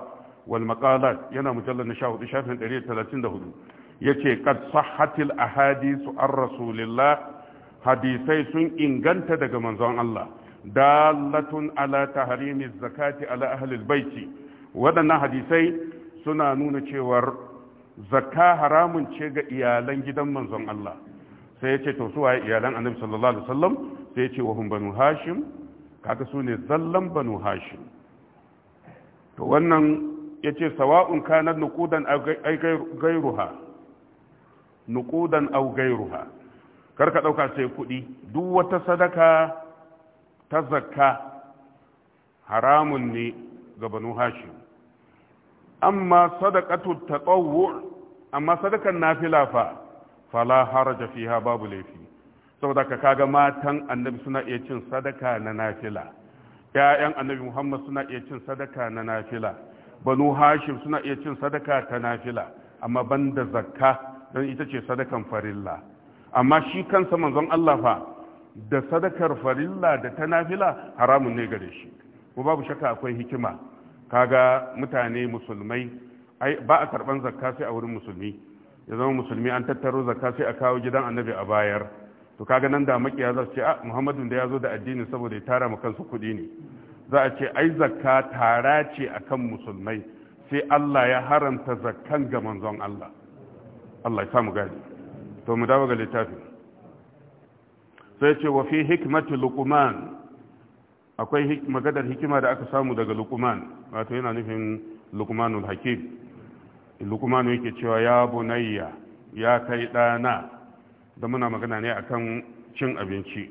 wal maqalat yana mujallal na 14 shafin 134 yace kad sahhatil ahadithu ar rasulillah hadisai sun inganta daga manzon Allah dalatun ala tahrimi zakati ala ahli baici. waɗannan hadisai suna nuna cewar zakka haramun ce ga iyalan gidan manzon Allah sai ya ce to su waye iyalan annabi sallallahu alaihi wasallam sai ya ce wa hum banu hashim kaga su ne zallan banu hashim to wannan ya ce sawa'un kanar nukudan ai gairuha nukudan au gairuha ka ɗauka sai kuɗi duk wata sadaka ta zakka haramun ne ga banu hashim amma sadaqatu tatawwu amma sadakan nafila fa fala haraja fiha babu laifi saboda ka kaga matan annabi suna iya cin sadaka na nafila ƴaƴan annabi muhammad suna iya cin sadaka na nafila banu hashim suna iya cin sadaka ta nafila amma banda zakka don ita ce sadakan farilla amma shi kansa manzon Allah fa da sadakar farilla da ta nafila haramun ne gare shi ko babu shakka akwai hikima kaga mutane musulmai ai ba a karban zakka sai a wurin musulmi ya zama musulmi an tattaro zakka sai a kawo gidan annabi a bayar to kaga nan da makiya za su ce a ah, muhammadu da ya zo da addini saboda ya tara mu kansu kuɗi ne za a ce ai zakka tara ce akan musulmai sai Allah ya haramta zakkan ga manzon Allah Allah ya samu gadi to mu dawo ga littafin sai ce wa fi hikmati luqman akwai magadar hikima da aka samu daga lukuman wato yana nufin lukumanul hakim lukumanu yake cewa ya bunayya ya kai dana da muna magana ne akan cin abinci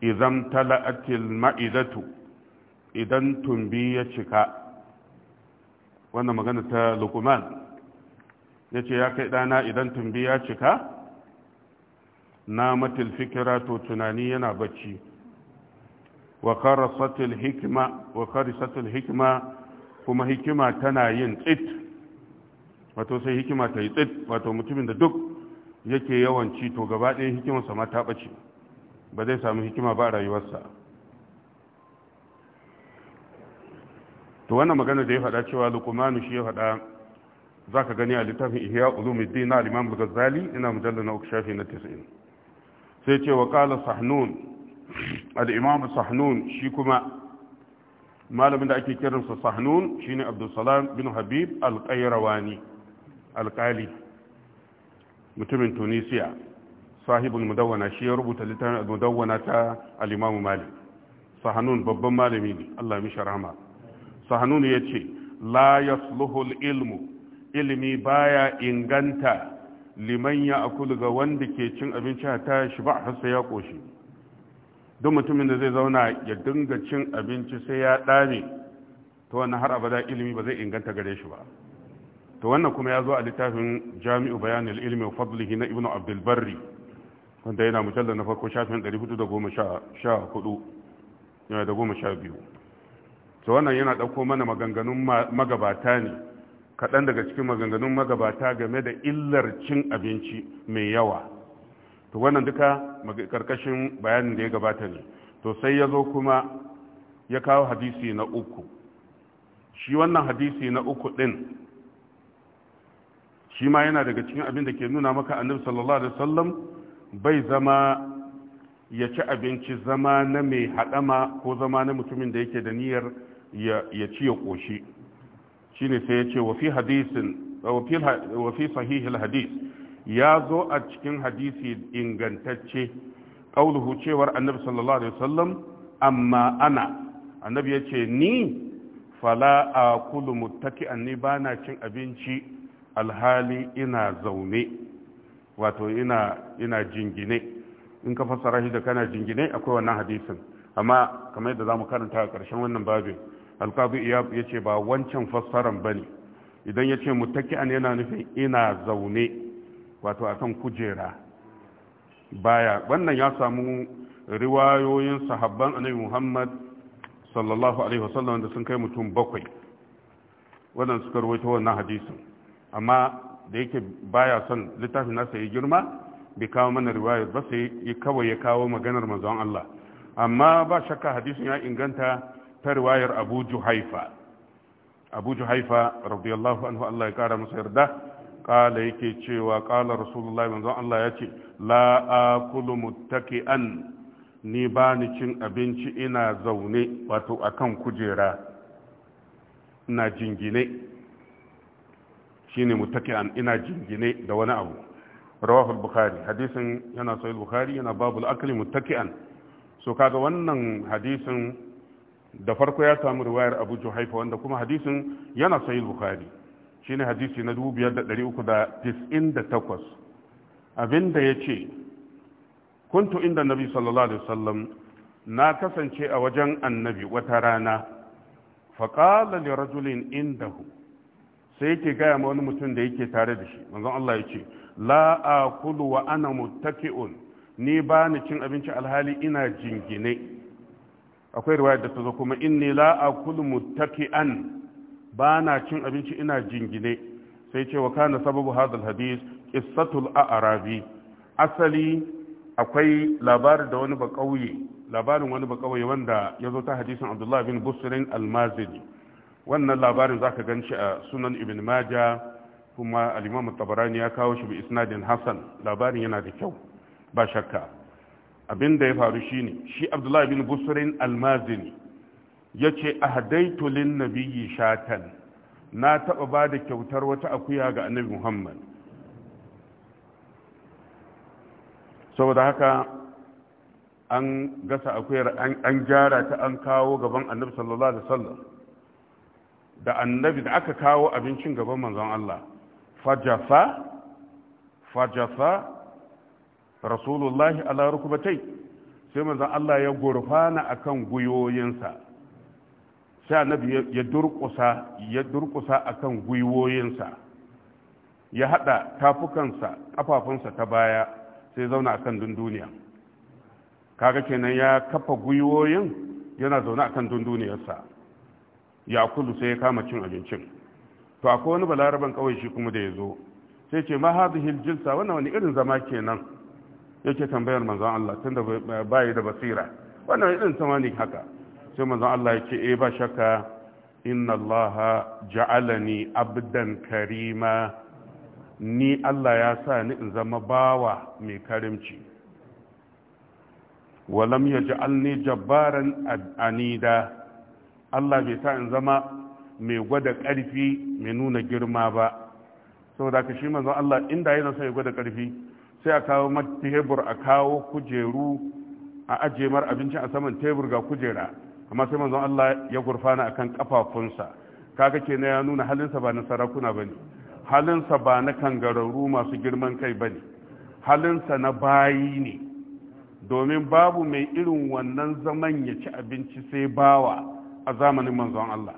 idan tala'atil ma'idatu idan tumbi ya cika wannan magana ta lukuman ya ce ya kai dana idan tumbi ya cika na matil fikira to tunani yana bacci wa karasatul hikima kuma hikima tana yin tsit wato sai hikima ta yi tsit wato mutumin da duk yake ci to gaba ɗaya hikimarsa ma ta ɓace ba zai samu hikima ba a rayuwarsa to wannan magana da ya faɗa cewa lukumanu shi ya faɗa za ka gani a littafin ihya ulumuddin na al gazali al-ghazali ina na uku shafi na 90 sai ce wa ƙala sahnun al'imamu sahnun shi kuma malamin da ake kiransa sahnun shi ne abdulsalam bin habib alƙairawani alƙali mutumin tunisiya sahibul mudawana shi ya rubuta littafin mudawana ta al'imamu malik sahnun babban malami ne allah mishi rahama sahnun ya ce la yasluhul ilmu ilimi baya inganta liman ya akulu ga wanda ke cin abinci ta shi ba hasa ya ƙoshi duk mutumin da zai zauna ya dinga cin abinci sai ya ɗame ta wannan har abada ilimi ba zai inganta gare shi ba to wannan kuma ya zo a littafin jami'u bayanil ilmi wa fadlihi na ibnu abdul barri wanda yana mujallar na farko shafin 414 yana da goma sha biyu to wannan yana ɗauko mana maganganun magabata ne kaɗan daga cikin maganganun magabata game da illar cin abinci mai yawa to wannan duka karkashin bayanin da ya gabata ne to sai ya zo kuma ya kawo hadisi na uku shi wannan hadisi na uku din shi ma yana daga cikin abin da ke nuna maka annabi sallallahu alaihi wasallam bai zama ya ci abinci zama na mai haɗama ko zama na mutumin da yake da niyyar ya ci ya ƙoshi shi sai ya ce wafi hadisin sahihil hadis ya zo a cikin hadisi ingantacce qauluhu cewar annabi sallallahu alaihi wasallam amma ana annabi ya ce ni fala akulu muttaki'an ni bana cin abinci alhali ina zaune wato ina jingine in ka fassara shi da kana jingine akwai wannan hadisin amma kamar yadda zamu karanta a ƙarshen wannan babin alqabi ya yace ba wancan fassaran bane idan yace muttaki'an yana nufin ina zaune wato a kan kujera baya wannan ya samu riwayoyin sahabban annabi Muhammad sallallahu alaihi wasallam da sun kai mutum bakwai wannan suka rawaito wannan hadisin amma da yake baya son littafin nasa ya girma bai kawo mana riwaya ba sai ya kawai ya kawo maganar manzon Allah amma ba shakka hadisin ya inganta ta riwayar Abu Juhaifa Abu Juhaifa radiyallahu anhu Allah ya kara masa yarda kala yake cewa kala rasulullahi manzon Allah ya ce la akulu muttaki'an ni ba ni cin abinci ina zaune wato akan kujera ina jingine shine muttaki'an ina jingine da wani abu rawahu al-bukhari hadisin yana sahih al-bukhari yana babul akli muttaki'an so kaga wannan hadisin da farko ya samu riwayar Abu Juhaifa wanda kuma hadisin yana sahih al-bukhari shine hadisi na 5398 abinda yace kuntu inda nabi sallallahu alaihi wasallam na kasance a wajen annabi wata rana faqala li rajulin indahu sai yake gaya ma wani mutum da yake tare da shi manzon Allah ya ce la akulu wa ana muttaki'un ni ba ni cin abinci alhali ina jingine akwai riwaya da ta zo kuma inni la akulu muttaki'an ba na cin abinci ina jingine sai ce wa kana sababu hadal hadis qissatul a'rabi asali akwai labarin da wani bakauye labarin wani bakauye wanda ya zo ta hadisin Abdullahi bin Busrin al wannan labarin zaka ganci a Sunan Ibn Majah kuma al-Imam tabarani ya kawo shi bi isnadin Hasan labarin yana da kyau ba shakka abin da ya faru shine shi Abdullahi bin Busrin al ya ce ahadaitu lin nabiyyi shatan na taɓa ba da kyautar wata akuya ga annabi muhammad saboda haka an gasa akuyar an gyara ta an kawo gaban annabi sallallahu alaihi wasallam da annabi da aka kawo abincin gaban manzon Allah fajafa fajafa rasulullahi ala rukubatai sai manzon Allah ya gurfana akan guyoyinsa sai annabi ya durƙusa ya durƙusa akan gwiwoyinsa ya haɗa tafukansa kafafunsa ta baya sai zauna akan dunduniya kaga kenan ya kafa gwiwoyin yana zaune akan dunduniyarsa ya kulu sai ya kama cin abincin to akwai wani balaraban kawai shi kuma da ya zo sai ce ma hadhihi jilsa wannan wani irin zama kenan yake tambayar manzon Allah tunda bai da basira wannan irin zama ne haka sai manzon Allah ya ce eh ba shakka inna Allah ja'alani abdan karima ni Allah ya sa ni in zama bawa mai karimci walam yaj'alni jabbaran anida Allah bai sa in zama mai gwada ƙarfi mai nuna girma ba saboda ka shi manzon Allah inda yana son ya gwada ƙarfi sai a kawo tebur a kawo kujeru a ajemar abincin a saman tebur ga kujera amma sai manzon Allah ya gurfana akan kafafunsa kaga kenan ya nuna halinsa ba na sarakuna bane halinsa ba na kangararru masu girman kai bane halinsa na bayi ne domin babu mai irin wannan zaman ya ci abinci sai bawa a zamanin manzon Allah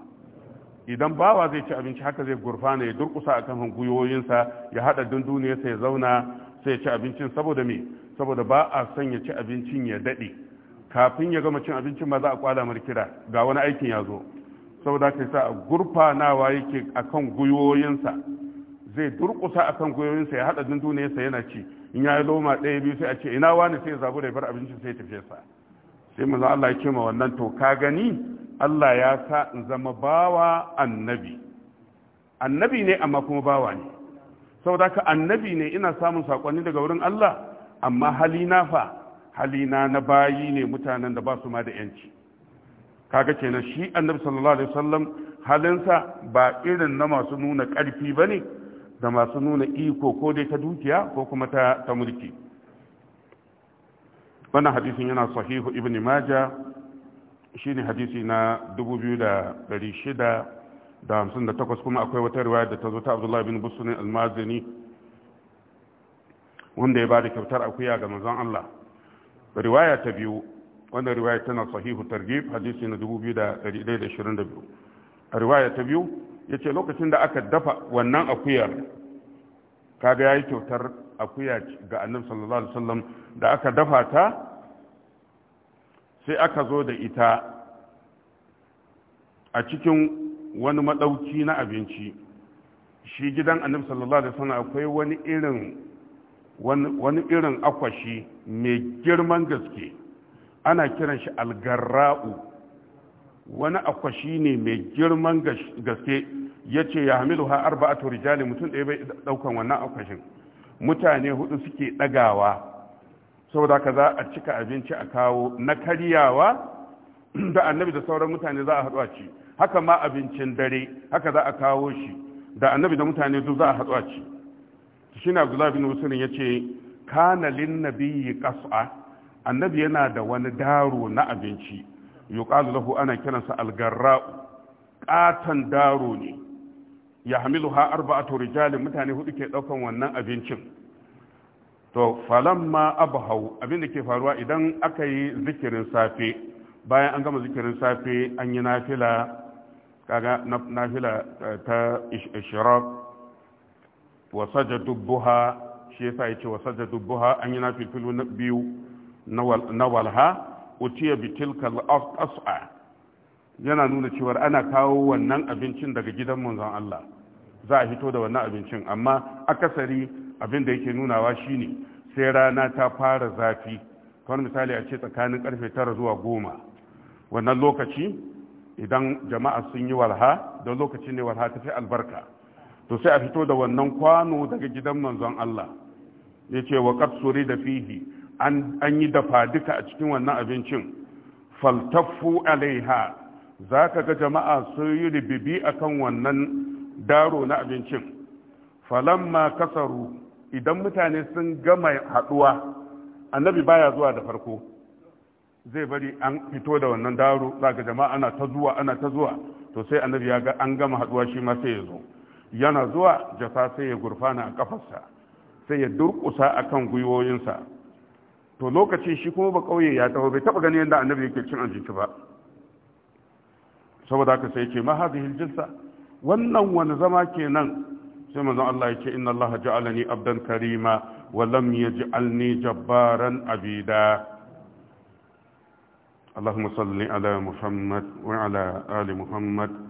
idan bawa zai ci abinci haka zai gurfana ya durkusa akan hanguyoyinsa ya hada dunduniyarsa ya zauna sai ya ci abincin saboda me saboda ba a son ya ci abincin ya dade kafin ya gama cin abincin ba za a kwada mar kira ga wani aikin ya zo saboda kai sa gurfanawa yake akan gwiwoyinsa zai durkusa akan gwiwoyinsa ya haɗa hada sa yana ci in ya yi loma ɗaya biyu sai a ce ina wani sai ya zabu da bar abincin sai ta fesa? sa sai manzo Allah ya ce ma wannan to ka gani Allah ya sa in zama bawa annabi annabi ne amma kuma bawa ne saboda ka annabi ne ina samun sakonni daga wurin Allah amma hali na fa halina na bayi ne mutanen da ba su ma da yanci kaga kenan shi annabi sallallahu alaihi wasallam halinsa ba irin na masu nuna ƙarfi ba ne da masu nuna iko ko dai ta dukiya ko kuma ta, ta mulki wannan hadisin yana sahihu ibn maja ne hadisi na 2658 kuma akwai wata riwaya da ta zo ta abdullahi bin busunin almazini wanda ya ba da kyautar akuya ga manzon Allah riwaya ta biyu wannan riwaya tana sahihu targhib hadisi na 2122 a riwaya ta biyu yace lokacin da aka dafa wannan akuyar kaga yayi kyautar akuya ga annabi sallallahu alaihi wasallam da aka dafa ta sai aka zo da ita a cikin wani madauki na abinci shi gidan annabi sallallahu alaihi wasallam akwai wani irin wani irin akwashi mai girman gaske ana kiran shi algarra'u wani akwashi ne mai girman gaske ya ce ya hamilu ha arba'atu rijali mutum ɗaya bai ɗaukan wannan akwashin mutane hudu suke ɗagawa saboda ka za a cika abinci a kawo na karyawa da annabi da sauran mutane za a haɗu a ci haka ma abincin dare haka za a kawo shi da annabi da mutane duk za a haɗu a ci shi na abdullahi bin musulun ya ce kana lin nabiyyi qas'a annabi yana da wani daro na abinci yuqalu lahu ana kiransa algarra'u katan daro ne ya hamiluha arba'atu rijalin mutane hudu ke daukan wannan abincin to falamma abin da ke faruwa idan aka yi zikirin safe bayan an gama zikirin safe an yi nafila kaga nafila eh, ta ishraq wa buha shi yasa yace ce sajadu buha an na filfilu na biyu na walha utiya bi tilka as'a yana nuna cewa ana kawo wannan abincin daga gidan manzon Allah za a hito da wannan abincin amma akasari abin da yake nunawa shine sai rana ta fara zafi kamar misali a ce tsakanin karfe tara zuwa goma wannan lokaci idan jama'a sun yi walha don lokacin ne walha ta fi albarka to sai a fito da wannan kwano daga gidan manzon Allah ya ce wa katsuri da fihi an yi dafa duka a cikin wannan abincin faltaffu alaiha za ka ga jama'a sun yi ribibi a kan wannan daro na abincin falamma kasaru idan mutane sun gama haɗuwa annabi baya zuwa da farko zai bari an fito da wannan daro za ka jama'a ana ta zuwa ana ta zuwa to sai annabi ya ga an gama haɗuwa shi ma sai ya zo yana zuwa jasa sai ya gurfana a kafarsa sai ya durkusa a kan gwiwoyinsa to lokaci shi kuma ba kauye ya taho bai taba gani yadda annabi yake cin abinci ba saboda haka sai ya ce ma hadhihi jinsa wannan wani zama kenan sai manzon Allah ya ce inna Allah ja'alani abdan karima wa lam yaj'alni jabbaran abida اللهم صل على محمد وعلى محمد